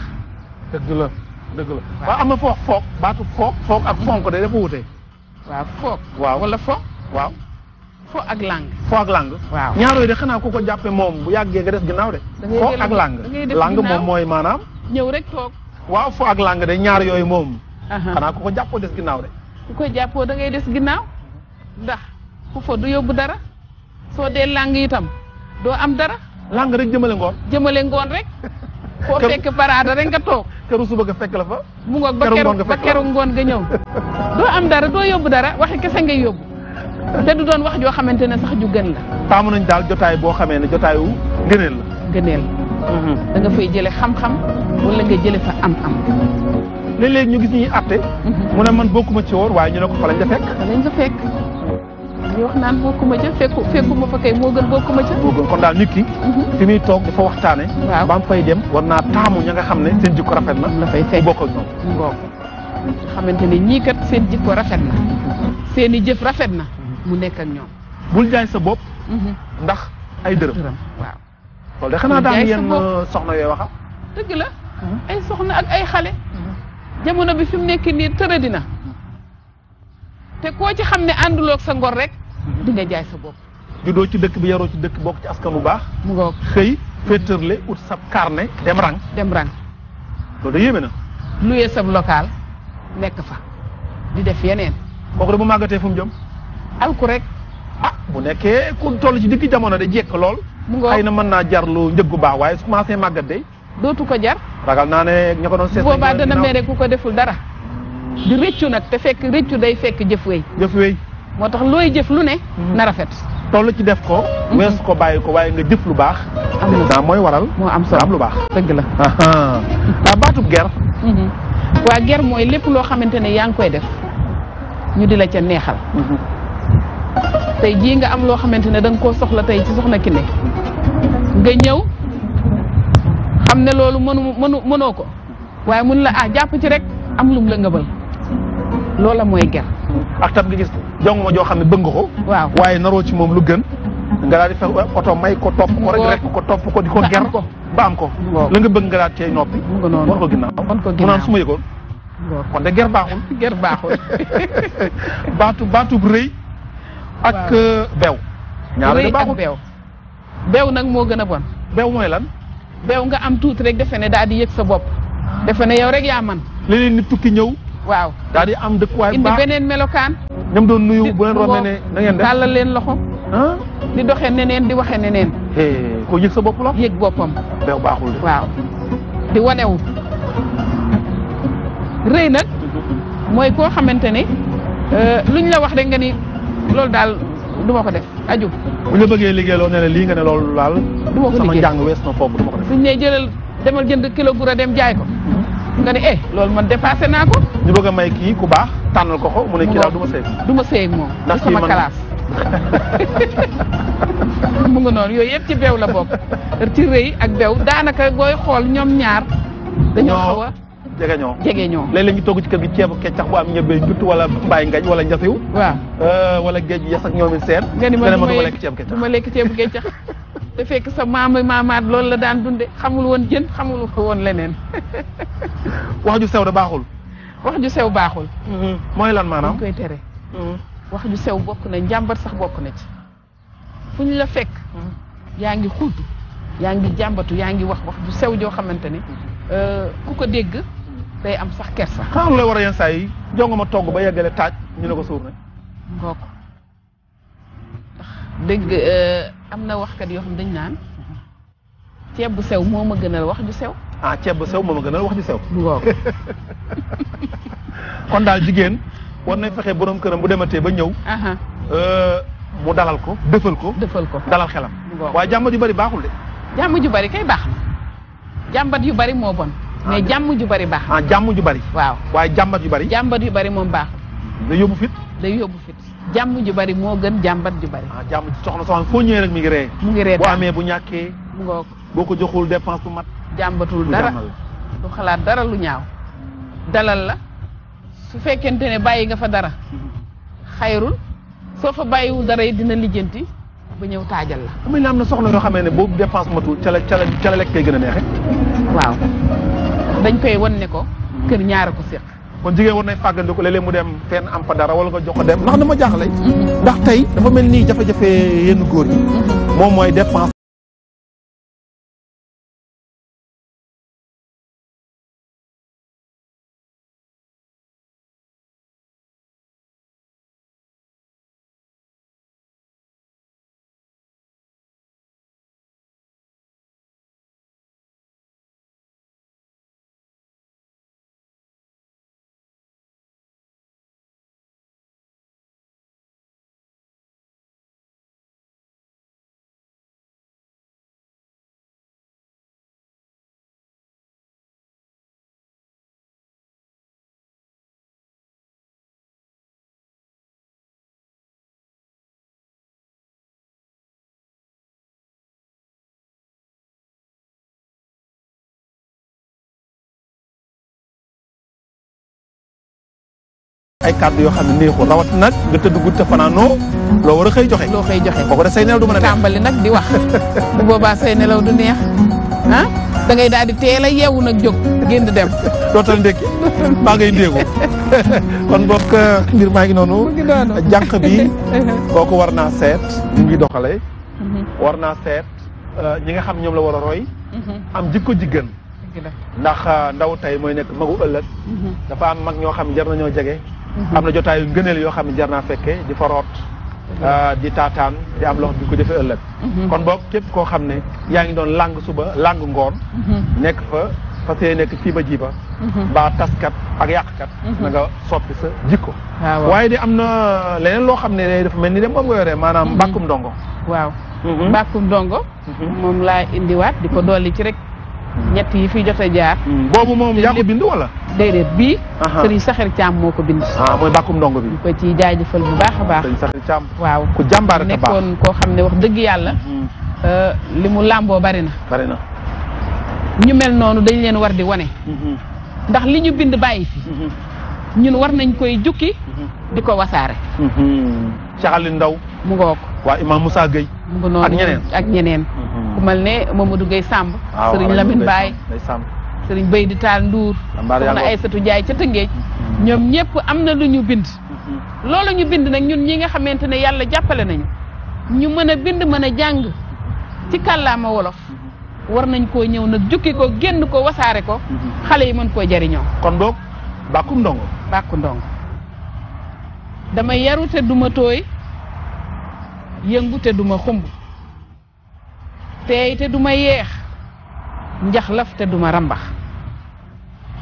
dëgg dëgg la waaw am na foox foog baatu foog foog ak fonk de dafa wute. waaw foog waaw wala waaw. fo ak lang. fook ak lang. waaw ñaarooy de xanaa ku ko jàppee moom bu yàggee nga des ginnaaw de. fo ak lang lang moom mooy maanaam. ñëw rek toog. waaw fo ak lang de ñaar yooyu moom. xanaa ku ko jàppoo des ginnaaw de. ku ko jàppoo da des ginnaaw ndax ku fo du yóbbu dara soo de lang itam doo am dara. lang rek jëmale ngoon. jëmale ngoon rek. foo fekk paraada rek nga toog. këru suba nga fekk la fa. mu ngoog ba keru ba keru ngoon nga ñëw. doo am dara doo yóbbu dara waxi kese ngay yóbbu. te du doon wax joo xamante ne sax ju gën la. taamu nañ daal jotaay boo xamee ne jotaayu ngëneel la. ngëneel mhm. da nga fay jële xam-xam wala nga jële fa am-am. léeg-léeg ñu gis ñuy àtte. Mhm. mu ne man bokkuma ci woor waaye ñu ne ko fa lañ la fekk. fa lañ la fekk. yi wax naan bokkuma ca fekku fekkuma fa kay moo gën bokkuma ca moo gën kon daal nit ki mhm. fi muy toog dafa waxtaane ba mu fay dem war naa taamu ña ne seen jikko rafet na la fay fekk bokk ak ñoom waaw xamante ne ñii kat seen jikko rafet na seen i jëf rafet na mu nekk ak ñoom bul jaay sa bopp mhm. ndax ay dërëm waaw loolu de xanaa daal yéen euh, soxna yooyu waxa dëgg la mhm. ay soxna ak ay xale jamono bi fi mu nekk nii tërëdina te koo ci xam ne sa ngor rek Mhm. di nga jaay sa bopp juddoo ci dëkk bi yaro ci dëkk bok ci askan bu baax mu ngoog xëy fétërle ut sab carnet dem rang dem rang do do yéeme na luyee sa local nek fa di def yenen kooku de bu màggatee fum jom alku rek ah bu nekkee ku toll ci digg jamono de jekk lool mu ngoog xëy na jar lu njëggu baax waaye su commencé magat de dootu ko jar ragal naa ne don ko doon seet boobaa dana mere ku ko deful dara di rëccu nak te fekk rëccu day fekk jëf wéy jëf wéy moo tax looy jëf lu ne. Hmm. na rafet. toll ci def ko. Hmm. weesu ko bàyyi ko waaye nga jëf lu baax. am mooy waral. moo am solo am lu baax. dëgg la. waaw baatub ger. Hmm. waa ger mooy lépp loo xamante ne yaa ngi koy def ñu di la ca neexal. tey jii nga am loo xamante ne da nga soxla tey ci soxna Kine nga ñëw xam ne loolu mënu mënu mënoo ko waaye mun la a ah, jàpp ci rek am lum la ngëbal loola mooy ger. ak tam nga gis jonguma joo xam ne bëgg nga ko. waaw waaye naroo ci moom lu gën. nga daal di fexe oto may ko topp ko rek rek ko topp ko di ko ger ba am ko la nga bëgg nga daal cey noppi war ko ginnaaw mu naan su ma yëgoon kon de ger baaxul ger baaxul baatu baatu bu rëy ak euh, beew ñaar la beew beew nag moo gën a bon beew mooy lan beew nga am tuuti rek defe ne daal di yëg sa bopp ah. defe ne yow rek yaa man leen nit tukki ñëw waaw daal di am dëkkuwaay baax indi beneen melokaan ñoom doon nuyu bu leen rombee ne na ngeen def leen loxo. di doxee neneen di waxee neneen. ko yëg sa bopp la. yëg boppam. beew baaxul de. waaw di wanewu rëy nag mooy koo xamante ne euh, luñ la wax rek nga ni loolu daal du ma ko def aju. bu la bëggee liggéeyloo ne la lii nga ne loolu daal. du ma ko liggéey sama suñ ne jëlal demal jënd kilo gura dem jaay ko. nga ne eh loolu ma dépassé naa ko. ñu bëgg may ki ku baax tanal ko ko mu ne ki daal duma sey duma sey mo ndax sama class mu ngi non yoy yeb ci bew la bok ci rëy ak bew daanaka booy xol ñom ñaar dañu xawa a jege ñoo jege ñoo léeg-léeg ñu togg ci kër gi ciébu keccax bu am ñebe jutt wala mbaay ngañ wala njasiw waaw euh, wala géej yas ak ñoomi seen ma lekk ma lekk fekk sa la daan xamul jën xamul leneen sew da wax ju sew baaxul. Mm-hmm. mooy lan maanaam dañ koy tere. Mm-hmm. wax ju sew bokk na njàmbat sax bokk na ci fu ñu la fekk. Mm-hmm. yaa ngi xultu yaa ngi jàmbatu yaa ngi wax wax ju sew joo xamante ni euh, ku ko dégg tey am sax kersa. xaaral la war a yenn saa yi jongo ma togg ba yeggale taaj ñu ne ko suur na ngoo ko dégg euh, am na waxkat yoo xam dañ naan ceeb bu sew moo ma gënal wax ju sew. ah ceeb ba sew moom a gënal wax ci sew. waaw kon dal jigen war nañ fexé borom kërëm bu dématé ba ñëw. Euh, mu dalal ko defal ko. defal ko dalal xelam. wa jamm ju bari baxul de. jamm ju bari kay baax jambat yu bari mo bon. Ah, mais jamm ju bari bax ah jamm ju bari. waaw waaye jambat yu bari. jambat yu bari mom bax da yobu fit. da yobu fit jamm ju bari mo gën jambat ju bari. ah ci soxna soxna fo ñëw rek mi ngi ré mu ngi ré amé bu ñaké ngok boko joxul dépense mat. jàmbatul dara du xalaat dara lu ñaaw dalal la su fekkente ne bàyyi nga fa dara xayrul soo fa bàyyiwul dara yi dina ligganti ba ñëw taajal la. xam am na soxna yoo xamee ne boobu dépense matul ca la ca la lekk kay gën a neexe waaw dañ koy wan ne ko. kër ñaara ko séq. kon jigéen war nay fàggandiku léeg-léeg mu dem fenn am fa dara wala nga jox ko dem ndax dama jaaxle. ndax tey dafa mel nii jafe-jafe yenn góor yi. Mm-hmm. moom mooy dépense. ay kàddu yo xam neexu rawat nak nga tëdd guddi fanaanoo loo war a xëy joxe lo xey joxe boko da def say nelaw du meuna tambali nak di wax bu boba say nelaw du neex han ah? da ngay daal teela teel nak jog genn jóg génn dem dootal ndékki maa ngay ndéegu kon bok ngir maa ngi noonu jànq bi boko warna set ñu ngi doxale mhm. warna set euh, ñi nga xam ñom la wara roy mhm. am jikko jigen ndax euh, ndaw tay moy nek magu ëllëg mhm. dafa am mag ño xam jarna ño jege Mm-hmm. am na jotaayu ngëneel yoo xam ne jar naa fekke di fa root mm-hmm. euh, di taataan di am loxo di ko jëfe ëllëg mm-hmm. kon boo képp koo xam ne yaa ngi doon lang suba làng ngoon nekk fa parce que nekk jiiba jiiba mbaa taskat ak yàqkat na nga soppi sa jikko waaye di am na leneen loo xam ne day dafa mel ni dem moom nga yoree maanaam mbàkkum ndongo waaw mbàkkum ndongo moom laa indiwaat di ko dolli ci rek Mm. ñett yi fi jot a jaar. Mm. boobu moom yaa ko bind wala. déedéet bii. sëriñ Saxir Thiam moo ko bind. ah mooy bàkkum ndongo bi. ñu ko ciy jaajëfal bu baax a baax. sëriñ Saxir Thiam waaw ku jàmbaar baax nekkoon koo xam ne wax dëgg yàlla. Mm. Euh, li mu làmboo bari na. bari na ñu mel noonu dañ leen war di wane. Mm-hmm. ndax li ñu bind bàyyi fi. Mm-hmm. ñun war nañ koy jukki. Mm-hmm. di ko wasaare. Cheikh Aliou Ndaw mu ngoog. waa Imam musaa Gueye. mu ngoog ak ak ñeneen. ku mel ne Mamadou Gueye Samb ah, sëriñ Lamine Baye sëriñ Bay di Taal Nduur ay Aysatu Jaay ca Tëngéej mm-hmm. ñoom ñëpp am na lu ñu bind mm-hmm. loolu ñu bind nag ñun ñi nga xamante ne yàlla jàppale nañu ñu mën a bind mën a jàng ci kàllaama wolof mm-hmm. war nañ koo ñëw nag jukki ko génn ko wasaare ko xale yi mën koo jariñoo kon boog bàkku ndongo bàkku ndongo dama yaru te duma tooy yëngu te duma xumb teey te duma yeex njaxlaf te duma rambax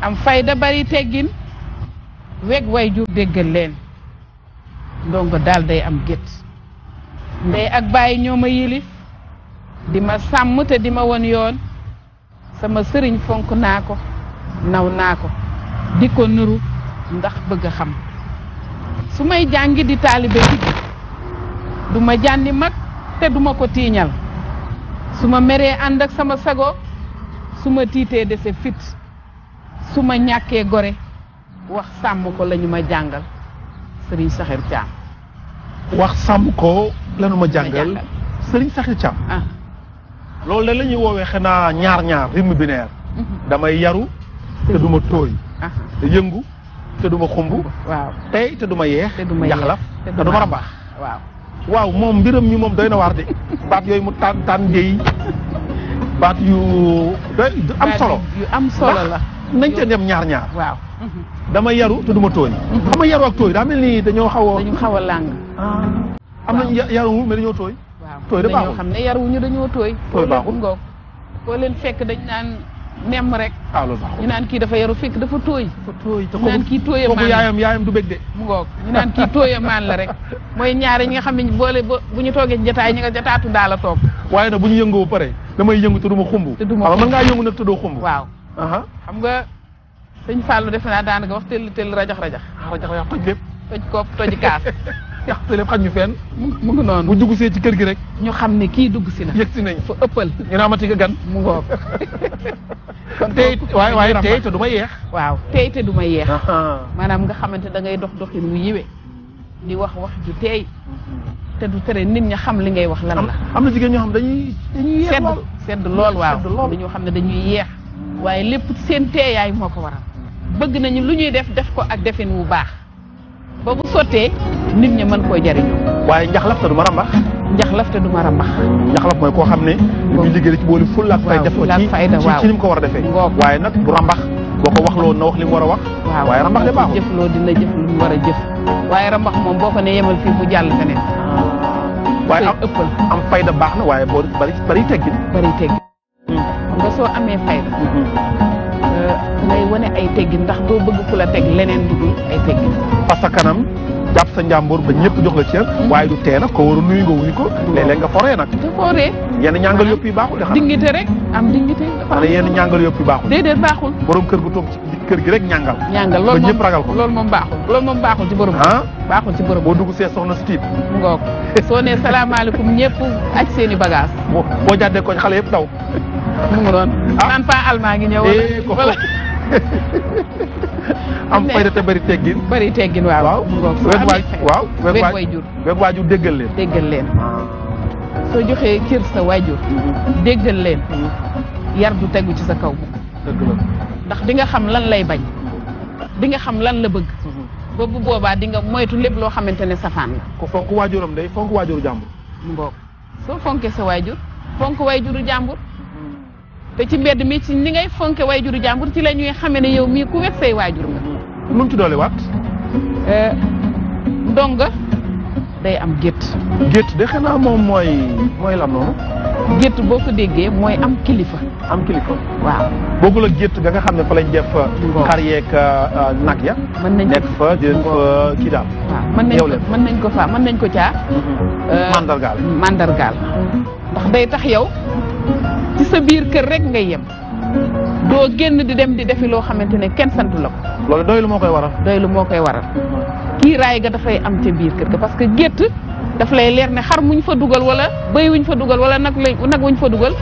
am fayda bari teggin weg way jur déggal leen ndongo daal am gét ndey ak bàyyi ñoo ma yilif di ma sàmm te di ma won yoon sama sëriñ fonk naa ko naw naa ko di ko nuru ndax bëgg a xam su may jàngi di taalibe ci du ma jànni mag te duma ko tiiñal su ma meree ànd ak sama sago su ma tiitee dese fit su ma ñàkkee gore wax sàmm ko la ñu ma jàngal sëriñ Saxir Thiam. wax sàmm ko la ma jàngal sëriñ Saxir Thiam. Ah. loolu la la ñuy woowee xanaa ñaar ñaar rythme mhm. damay yaru te du ma tooy. Ah. yëngu te du ma xumb. waaw tey te du ma yeex. te du ma yeex jaxlaf te du ma waaw moom mbiram mi moom doy na waar de baat yooyu mu tàn taan jéy baat yu doy am solo yu am solo la nañ ca dem ñaar ñaar waaw dama yaru te duma tooñ xam mhm. nga yaru ak tooy daa mel ni dañoo xaw a xaw a làng ah. am nañ yaruwul mais dañoo tooy tooy de baaxul dañoo xam ne yaruwuñu dañoo tooy tooy baaxul foo leen fekk dañ naan nemm rek waaw ah, loolu baaxul ñu naan kii dafa yaru fikk dafa tooy dafa tooy te ñu naan kii tooye maan yaayam yaayam du bég de mu ngoog ñu naan kii a maan la rek mooy ñaari ñi nga xam ne boole ba bu ñu toogee jataay ñi nga jataatu daal a toog waaye nag bu ñu yëngoo pare damay yëngu te du ma xumb te du ma xumb mën ngaa yëngu nag te doo xumb waaw xam nga defe naa daanaka wax tëll tëll rajax ah, rajax rajax rajax toj lépp toj kopp toj kaas yàqtale xaj ñu fenn mu ngi noonu bu duggsee ci kër gi rek ñu xam ne kii dugg si na yëg si nañ fa ëppal ñu naamati gan mu ngoog kon tey waaye waaye tey te du ma yeex waaw tey te du ma yeex maanaam nga xamante da ngay dox doxin wu yiwe di wax wax ji tey te du tere nit ña xam li ngay wax lan la am na jigéen ñoo xam dañuy dañuy yeex sedd sedd lool waaw dañoo xam ne dañuy yeex waaye lépp seen teeyaay moo ko waral bëgg nañu lu ñuy def def ko ak defin wu baax ba bu sottee nit ñi mën koo jëriñoo. waaye njax te du ma rambax. njaxlaf lafte du ma rambax. njaxlaf mooy koo xam ne. li muy liggéey ci boole fulla ak fayda. waaw ci ci ni mu ko war a defee. waaye nag bu rambax. boo ko wax loo na li war a wax. waaye rambax de baaxul jëf loo dina jëf lu war a jëf. waaye rambax moom boo ko ne yemal fii mu jàll feneen. waaye am ëppal am fayda baax na waaye boo bari bari teggin. bari teggin. nga soo amee fayda mm-hmm. ngay wane ay teggin ndax doo bëgg ku la teg leneen dugul ay teggin parce que kanam jàpp sa njàmbur ba ñëpp jox la cër mm-hmm. waaye du tee nag ko war a nuyu nga wuyu ko léeg-léeg nga foree nag du foree yenn ñàngal yëpp yu baaxul de xam dignité rek am dignité dafa ne yenn ñàngal yëpp yi baaxul déedéet baaxul borom kër gu toog ci kër gi rek ñàngal ñàngal loolu moom ragal ko loolu moom baaxul loolu moom baaxul ci borom ah baaxul ci borom boo dugg see soxna si tiit ngoog soo nee salaamaaleykum ñëpp aj seen i bagage boo jàddee koñ xale yëpp daw nu mu doon. ah naan pas almaa ngi ñëw. wala eh, am te bëri teggin. waaw. waaw waaw weeg waajur weeg leen. déggal leen soo joxee kër sa waajur. Mm-hmm. déggal leen. Mm-hmm. yar du tegu ci sa kaw. ndax di nga xam lan lay bañ. Mm-hmm. di nga xam lan la bëgg. ba bu boobaa di nga moytu lépp loo xamante ne safaan la. ko fonk waajuram day fonk waajuru jàmbur. soo fonkee sa waajur fonk waajuru jàmbur. te ci mbedd mi ci ni ngay fonké waajuru jambour ci lañuy xamé né yow mi ku wéx say wayjur nga. lu ci dolé wat euh ndonga day am gett gett de xena mom moy moy lam noonu. gett boko déggé moy am kilifa. am kilifa waaw. Bokul ak gett ga nga xamné fa lañ def. carrière yeeg euh, euh, nak ya. mën nañ nekk fa di fa kii daal. waaw man nañ ko fa man nañ ko caa. Mhm. Euh, mandargal mandargal ndax day tax yow sa biir kër rek ngay yem doo génn di dem di defi loo xamante ne kenn santu la ko loolu doylu moo koy waral doylu moo koy waral kii raay ga dafay am ca biir kër ga parce que gétt daf lay leer ne xar muñ fa dugal wala bay wuñ fa dugal wala nag lay nag wuñ fa dugal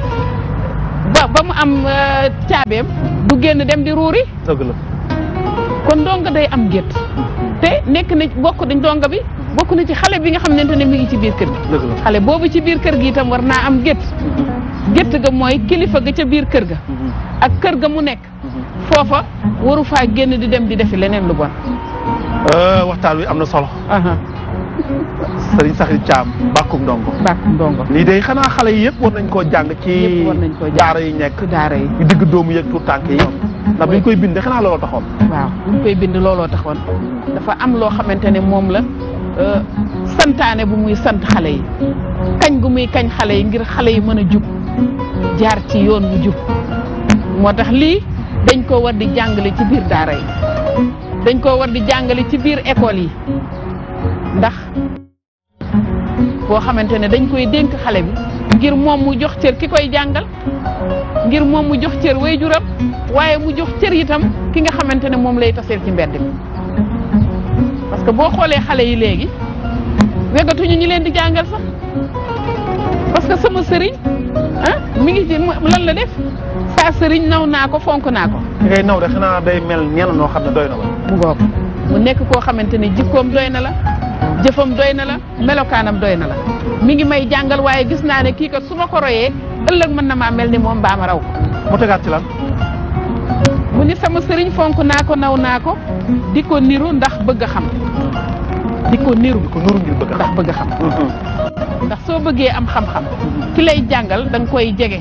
ba ba mu am euh, caabeem du génn dem di ruri. dëgg la kon donga day am gétt te nekk na bokk dañ donga bi bokk na ci xale bi nga xamante ne mi ngi ci biir kër gi xale boobu ci biir kër gi itam war naa am gétt gétt ga moy kilifa ga ca biir kër ga mhm. ak kër ga mu nekk mhm. fofa waru fa genn di dem di def leneen lu bon euh waxtaan wi am na solo sëriñ saxi caam bàkkum ndongo bàkkum ndongo lii day xana xalé yépp war nañ ko jàng ci daara yi nekk daara yi digg doomu yépp tout tànk yi ndax buñ koy bind xana lolo taxone waaw buñ koy bind lolo taxone dafa am lo xamantene mom la euh santane bu muy sant xalé yi kañ gu muy kañ xalé yi ngir xalé yi mën a jaar ci yoon mu jub moo tax lii dañ koo war di jàngale ci biir daara yi dañ koo war di jàngale ci biir école yi ndax boo xamante ne dañ koy dénk xale bi ngir moom mu jox cër ki koy jàngal ngir moom mu jox cër waajuram waaye mu jox cër yitam ki nga xamante ne moom lay taseel ci mbedd mi parce que boo xoolee xale yi léegi wegatuñu ñu leen di jàngal sax parce que sama sëriñ ah mi ngi ci lan la def saa sëriñ naw naa ko fonk naa ko. ngay naw de xanaa day mel ñenn noo xam ne doy na la. mu nekk koo xamante ne jikkoom doy na la jëfam doy na la melokaanam doy na la mi ngi may jàngal waaye gis naa ne kii kat su ma ko royee ëllëg mën na maa mel ni moom baa ma raw ko. mu tegaat ci lan. mu ni sama sëriñ fonk naa ko naw naa ko di ko niru ndax bëgg a xam. Hmm. di ko niru ko niru bëgg ndax bëgg a xam. Hmm. ndax soo bëggee am xam-xam ki lay jàngal da koy jege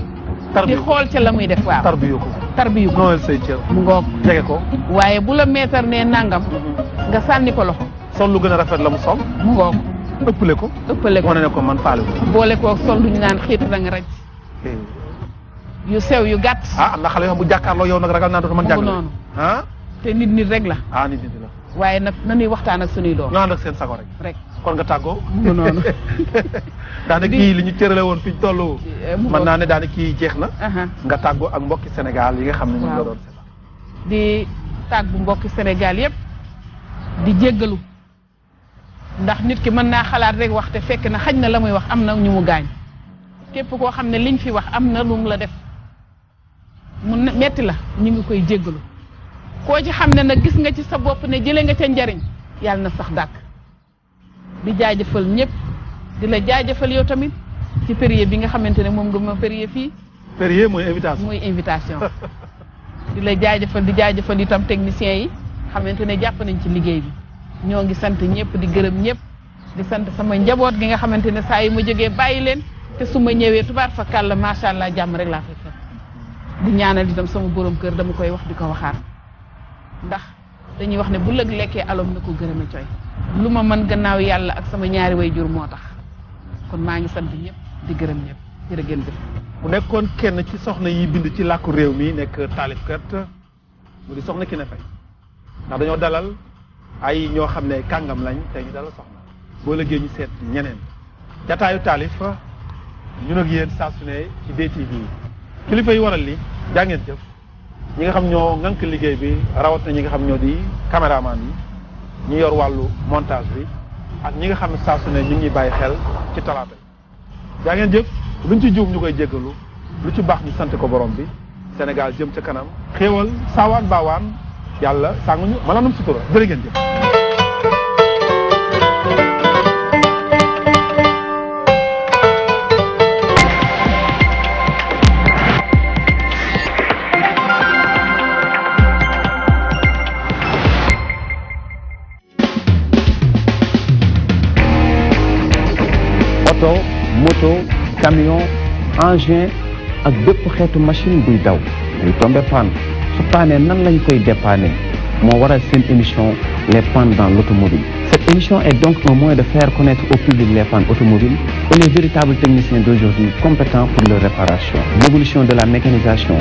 di xool ca la muy def waaw tarbiyu ko tarbiyu ko noël say cër ko waaye bu la meetar ne nangam nga sànni ko loxo sol lu gën a rafet la mu sol mu ngoog ëppale ko ëppale ko wane ne ko man faale ko boole koo sol lu ñu naan xiit rang rek yu sew yu gàtt ah xale yoo xam bu jàkkaarloo yow nag ragal naa dootu man jàng noonu ah te nit nit rek la ah la waye nak nañuy waxtaan ak suñuy doom. ñu ànd ak seen sago rek. rek kon nga taggo non da na ki liñu ñu won fiñ tollu eh, man na mën naa ne daanaka kii nga taggo ak mbokki Sénégal yi nga xamni ñu doon. di tàggu mbokki Sénégal yëpp di jéggalu ndax nit ki mën naa xalaat rek wax te fekk na xaj na la muy wax am na ñu mu gaañ képp koo xam ne liñ fi wax am na lu mu la def mu metti la ñu ngi koy jéggalu. koo ci xam ne nag gis nga ci sa bopp ne jëlee nga ca njariñ yàlla na sax dàkk di jaajëfal ñëpp di la jaajëfal yow tamit ci période bi nga xamante ne moom nga ma période fii. période mooy invitation mooy invitation. di la jaajëfal di jaajëfal itam techniciens yi xamante ne jàpp nañ ci liggéey bi ñoo ngi sant ñëpp di gërëm ñëpp di sant sama njaboot gi nga xamante ne saa yi ma jógee bàyyi leen te suma ma ñëwee tubaar fa kàlla macha allah jàmm rek laa fay fekk di ñaanal sama borom kër dama koy wax di ko waxaat. ndax dañuy wax ne bu lëg lekkee alom na ko gërëm coy lu ma mën gannaaw yàlla ak sama ñaari way jur moo tax kon maa ngi sant ñëpp di gërëm ñëpp jërë mu nekkoon kenn ci soxna yi bind ci làkku réew mi nekk taalifkat mu di soxna Kiné Faye ndax dañoo dalal ay ñoo xam ne kàngam lañ te ñu dalal soxna boo lëggee ñu seet ñeneen jataayu taalif ñu ak yéen saa ci ne ci DTV kilifa yi waral li jaa jëf ñi nga xam ñoo ngànk liggéey bi rawat na ñi nga xam ñoo di caméraman yi ñu yor wàllu montage bi ak ñi nga xam ne saa su ne ñu ñuy bàyyi xel ci talaata yi yaa ngeen jëf luñ ci juum ñu koy jéggalu lu ci baax ñu sant ko borom bi Sénégal jëm ca kanam xéewal saawaan baawaan yàlla sànguñu malaanum sutura a ngeen jëf camions, camion engin deux machines de machines buy daw tombent en panne Ce panne, nan dépanner émission les pannes dans l'automobile cette émission est donc un moyen de faire connaître au public les pannes automobiles et les véritables techniciens d'aujourd'hui compétents pour leur réparation l'évolution de la mécanisation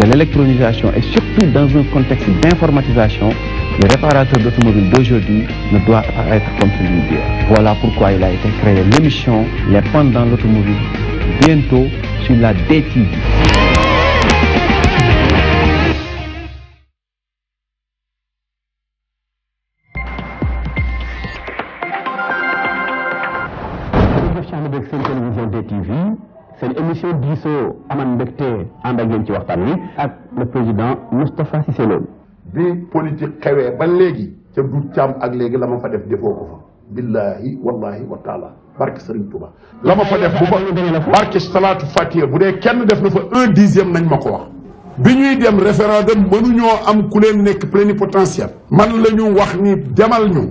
de l'électronisation et surtout dans un contexte d'informatisation le réparateur d'automobile d'aujourd'hui ne doit pas être comme celui d'hier. Voilà pourquoi il a été créé l'émission Les Pentes dans l'automobile, bientôt sur la DTV. C'est l'émission Disso le président Mustafa Sisselon. bi politique xewee ba léegi ca du càmm ak léegi la ma fa def defoo ko fa billahi wallahi wa taala barke Serigne Touba la ma fa def bu fa barke salaatu fatiha bu dee kenn def na fa un dixième nañ ma ko wax bi ñuy dem référendum ñoo am ku leen nekk plénipotentiaire man la ñu wax ni demal ñu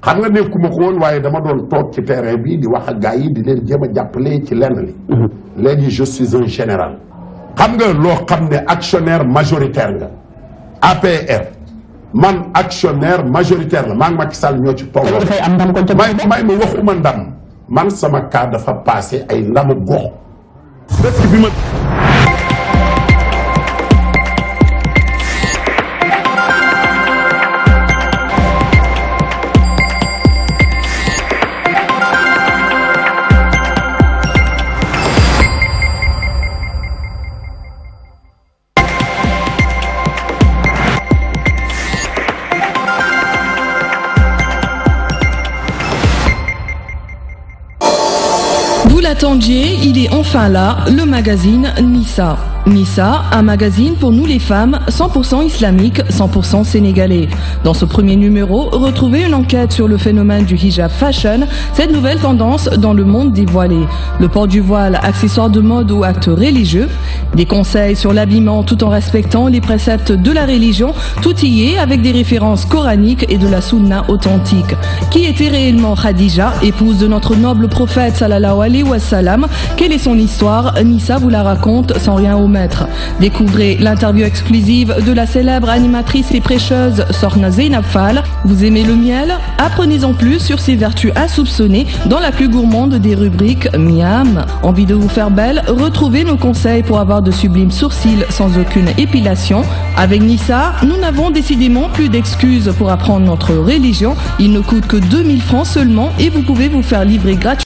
xam nga nekkuma ko woon waaye dama doon toog ci terrain bi di wax a gars yi di leen jéem jàpp jàppale ci lenn li mhm. léegi je suis un général xam nga loo xam ne actionnaire majoritaire nga APR man actionnaire majoritaire la maa ngi Macky Sall ñoo ci toog may may ma waxuma ndam man sama cas dafa paase ay ndamu gox dëkk bi ma attendiez, il est enfin là, le magazine Nissa. Nissa, un magazine pour nous les femmes, 100% islamique, 100% sénégalais. Dans ce premier numéro, retrouvez une enquête sur le phénomène du hijab fashion, cette nouvelle tendance dans le monde dévoilé. Le port du voile, accessoire de mode ou acte religieux. Des conseils sur l'habillement tout en respectant les préceptes de la religion, tout y est avec des références coraniques et de la sunna authentique. Qui était réellement Khadija, épouse de notre noble prophète sallallahu alayhi wa sallam Quelle est son histoire Nissa vous la raconte sans rien omettre. Découvrez l'interview exclusive de la célèbre animatrice et prêcheuse Sorna Zeynafal. Vous aimez le miel Apprenez-en plus sur ses vertus insoupçonnées dans la plus gourmande des rubriques Miam. Envie de vous faire belle Retrouvez nos conseils pour avoir de sublimes sourcils sans aucune épilation. Avec Nissa, nous n'avons décidément plus d'excuses pour apprendre notre religion. Il ne coûte que 2000 francs seulement et vous pouvez vous faire livrer gratuitement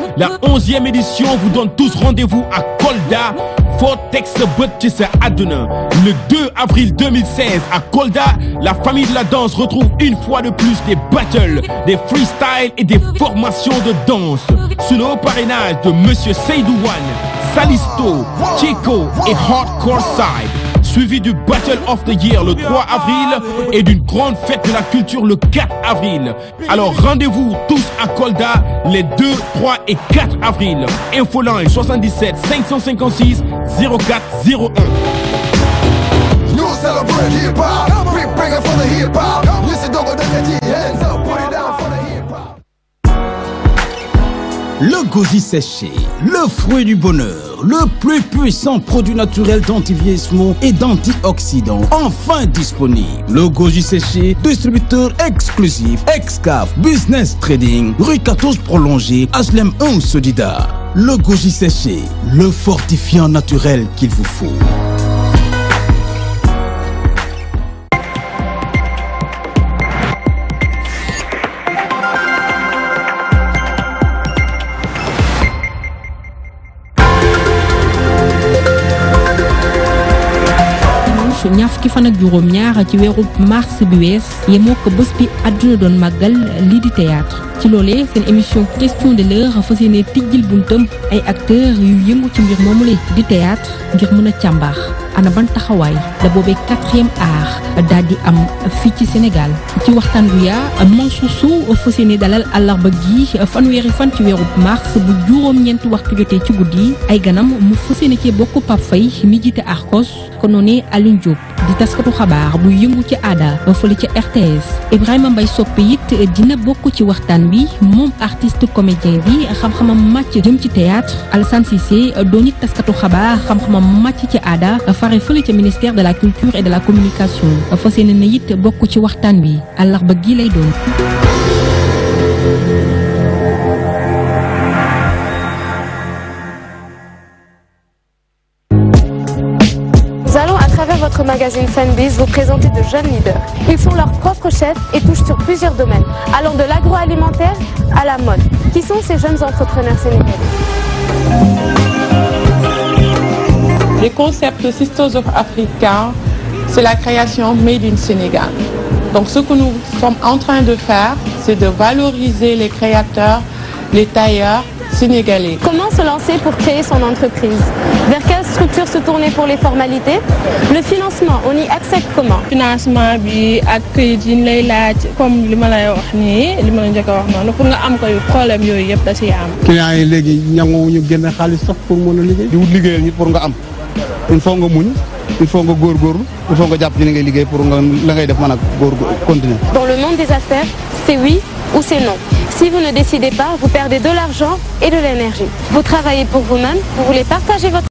La 11e édition vous donne tous rendez-vous à Kolda, Vortex à Aduna. Le 2 avril 2016 à Kolda, la famille de la danse retrouve une fois de plus des battles, des freestyles et des formations de danse. Sous le haut parrainage de Monsieur Seydouane, Salisto, Chico et Hardcore Side suivi du Battle of the Year le 3 avril et d'une grande fête de la culture le 4 avril. Alors rendez-vous tous à Kolda les 2, 3 et 4 avril. Infoline 77 556 0401. 01 Le goji séché, le fruit du bonheur, le plus puissant produit naturel d'antivieillissement et d'antioxydants, enfin disponible. Le goji séché, distributeur exclusif, Excaf, Business Trading, rue 14 prolongée, HLM 1 Sodida. Le goji séché, le fortifiant naturel qu'il vous faut. dimanche ñaar fukki fan ak juróom ñaar ci weeru mars bi wees yemoo ko bés bi àdduna doon màggal lii di théâtre ci loolee seen émission question de l'heure fas yéene tijjil buntam ay acteurs yu yëngu ci mbir moomule di théâtre ngir mën a càmbaax ana ban taxawaay la boobe quatrième art daal di am fii ci Sénégal ci waxtaan bu yaa Mansour Sow fas yéene dalal àllarba gi fanweeri fan ci weeru mars bu juróom-ñeenti waxtu jotee ci guddi ay ganam mu fas yéene cee bokk Pape Faye mi jiite Arcos konoone alin Diop di taskatu xabaar buy yëngu ci aada fële ca RTS Ibrahima Mbaye Sopé it dina bokk ci waxtaan wi moom artiste comédien bi xam-xamam màcc jëm ci théâtre Alassane Cissé doon it taskatu xabaar xam-xamam màcc ci aada fare fële ca ministère de la culture et de la communication fas yéene na it bokk ci waxtaan bi àllarba gi lay doon. magazine Fanbiz vous présentez de jeunes leaders. Ils sont leurs propres chefs et touchent sur plusieurs domaines, allant de l'agroalimentaire à la mode. Qui sont ces jeunes entrepreneurs sénégalais Les concepts de Sisters of Africa, c'est la création Made in Sénégal. Donc ce que nous sommes en train de faire, c'est de valoriser les créateurs, les tailleurs sénégalais. Comment se lancer pour créer son entreprise Vers quelle structure se tourner pour les formalités Le financement, on y accède comment Financement bi ak kayit yi comme le ma lay wax nii li ma a wax noonu pour nga am koy problème yooyu da am. clients yi léegi ñanguwuñu génn xaalis sax pour mën a di wut pour nga am il faut nga muñ. il faut nga góorgóorlu il faut nga jàpp ci ngay pour nga la ngay def mën a góor continuer. Dans le monde des affaires, c'est oui ou c'est non. Si vous ne décidez pas, vous perdez de l'argent et de l'énergie. Vous travaillez pour vous-même, vous voulez partager votre